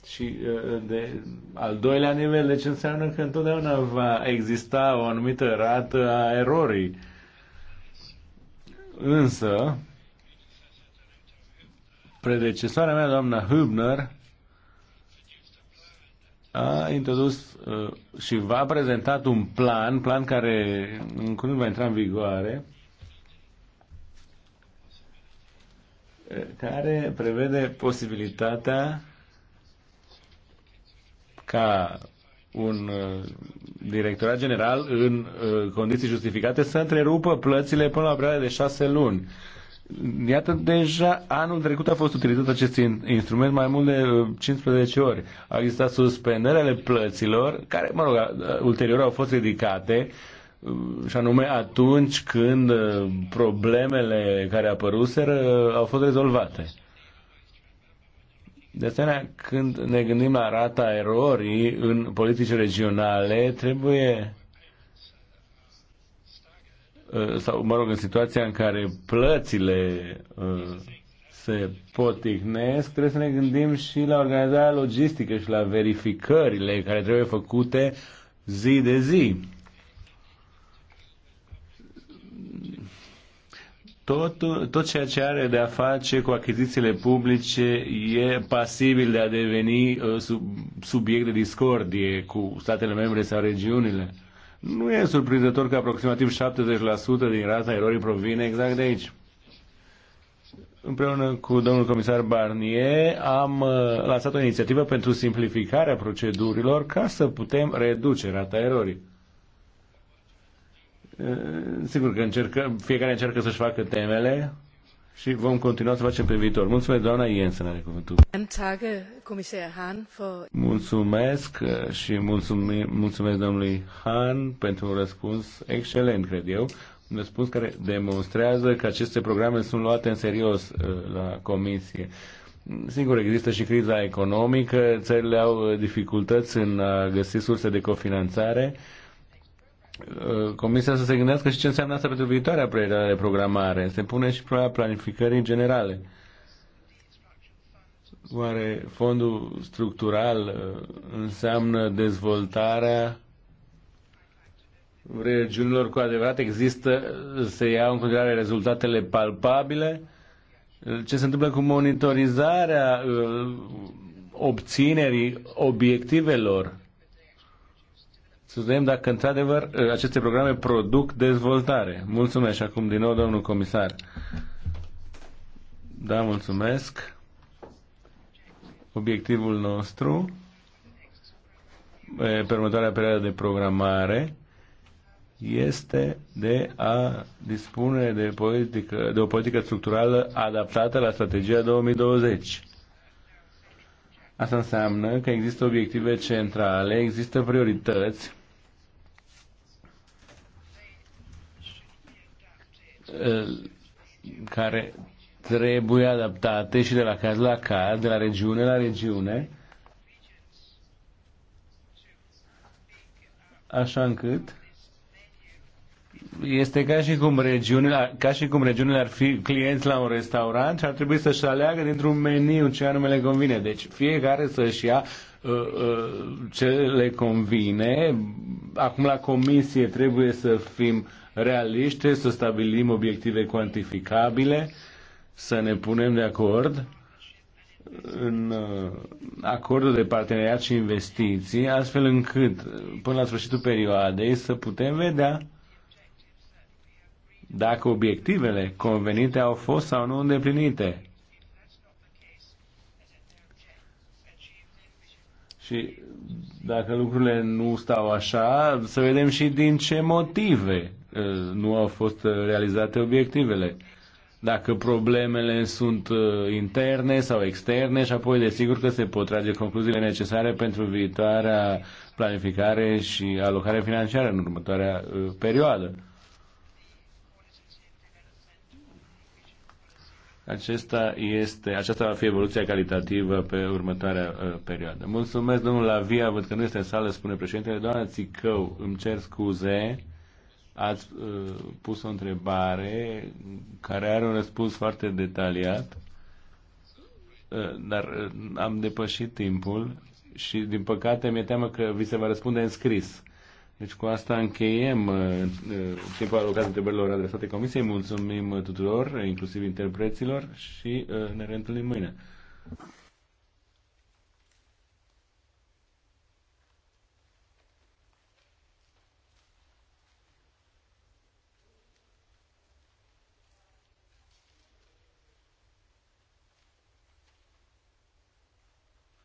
și de al doilea nivel, deci înseamnă că întotdeauna va exista o anumită rată a erorii. Însă, predecesoarea mea, doamna Hübner, a introdus uh, și v-a prezentat un plan, plan care în curând va intra în vigoare, care prevede posibilitatea ca un uh, directorat general în uh, condiții justificate să întrerupă plățile până la perioada de șase luni. Iată, deja anul trecut a fost utilizat acest instrument mai mult de 15 uh, ori. a existat suspendări ale plăților, care, mă rog, ulterior au fost ridicate, uh, și anume atunci când uh, problemele care apăruseră au fost rezolvate. De asemenea, când ne gândim la rata erorii în politici regionale, trebuie Uh, sau, mă rog, în situația în care plățile uh, se potihnesc, trebuie să ne gândim și la organizarea logistică și la verificările care trebuie făcute zi de zi. Tot, tot ceea ce are de a face cu achizițiile publice e pasibil de a deveni uh, sub, subiect de discordie cu statele membre sau regiunile. Nu e surprinzător că aproximativ 70% din rata erorii provine exact de aici. Împreună cu domnul comisar Barnier am uh, lansat o inițiativă pentru simplificarea procedurilor ca să putem reduce rata erorii. Uh, sigur că încercă, fiecare încearcă să-și facă temele, și vom continua să facem pe viitor. Mulțumesc, doamna Jensen, are cuvântul. Mulțumesc uh, și mulțumim, mulțumesc domnului Han pentru un răspuns excelent, cred eu. Un răspuns care demonstrează că aceste programe sunt luate în serios uh, la comisie. Sigur, există și criza economică, țările au uh, dificultăți în a găsi surse de cofinanțare Uh, comisia să se gândească și ce înseamnă asta pentru viitoarea perioadă de programare. Se pune și problema planificării generale. Oare fondul structural uh, înseamnă dezvoltarea regiunilor cu adevărat? Există, uh, se iau în considerare rezultatele palpabile? Ce se întâmplă cu monitorizarea obținerii obiectivelor? să vedem dacă într-adevăr aceste programe produc dezvoltare. Mulțumesc și acum din nou domnul comisar. Da, mulțumesc. Obiectivul nostru pe următoarea perioadă de programare este de a dispune de, politică, de o politică structurală adaptată la strategia 2020. Asta înseamnă că există obiective centrale, există priorități Uh, care trebuie adaptate și de la caz la caz, de la regiune la regiune, așa încât este ca și cum regiunile, ca și cum regiunile ar fi clienți la un restaurant și ar trebui să-și aleagă dintr-un meniu ce anume le convine. Deci fiecare să-și ia uh, uh, ce le convine. Acum la comisie trebuie să fim uh, realiste, să stabilim obiective cuantificabile, să ne punem de acord în uh, acordul de parteneriat și investiții, astfel încât până la sfârșitul perioadei să putem vedea dacă obiectivele convenite au fost sau nu îndeplinite. Și dacă lucrurile nu stau așa, să vedem și din ce motive nu au fost realizate obiectivele. Dacă problemele sunt interne sau externe și apoi desigur că se pot trage concluziile necesare pentru viitoarea planificare și alocare financiară în următoarea perioadă. Acesta este, aceasta va fi evoluția calitativă pe următoarea uh, perioadă. Mulțumesc, domnul Lavia, văd că nu este în sală, spune președintele. Doamna Țicău, îmi cer scuze ați uh, pus o întrebare care are un răspuns foarte detaliat, uh, dar uh, am depășit timpul și, din păcate, mi-e teamă că vi se va răspunde în scris. Deci cu asta încheiem uh, uh, timpul alocat întrebărilor adresate Comisiei. Mulțumim tuturor, inclusiv interpreților, și uh, ne reîntâlnim mâine.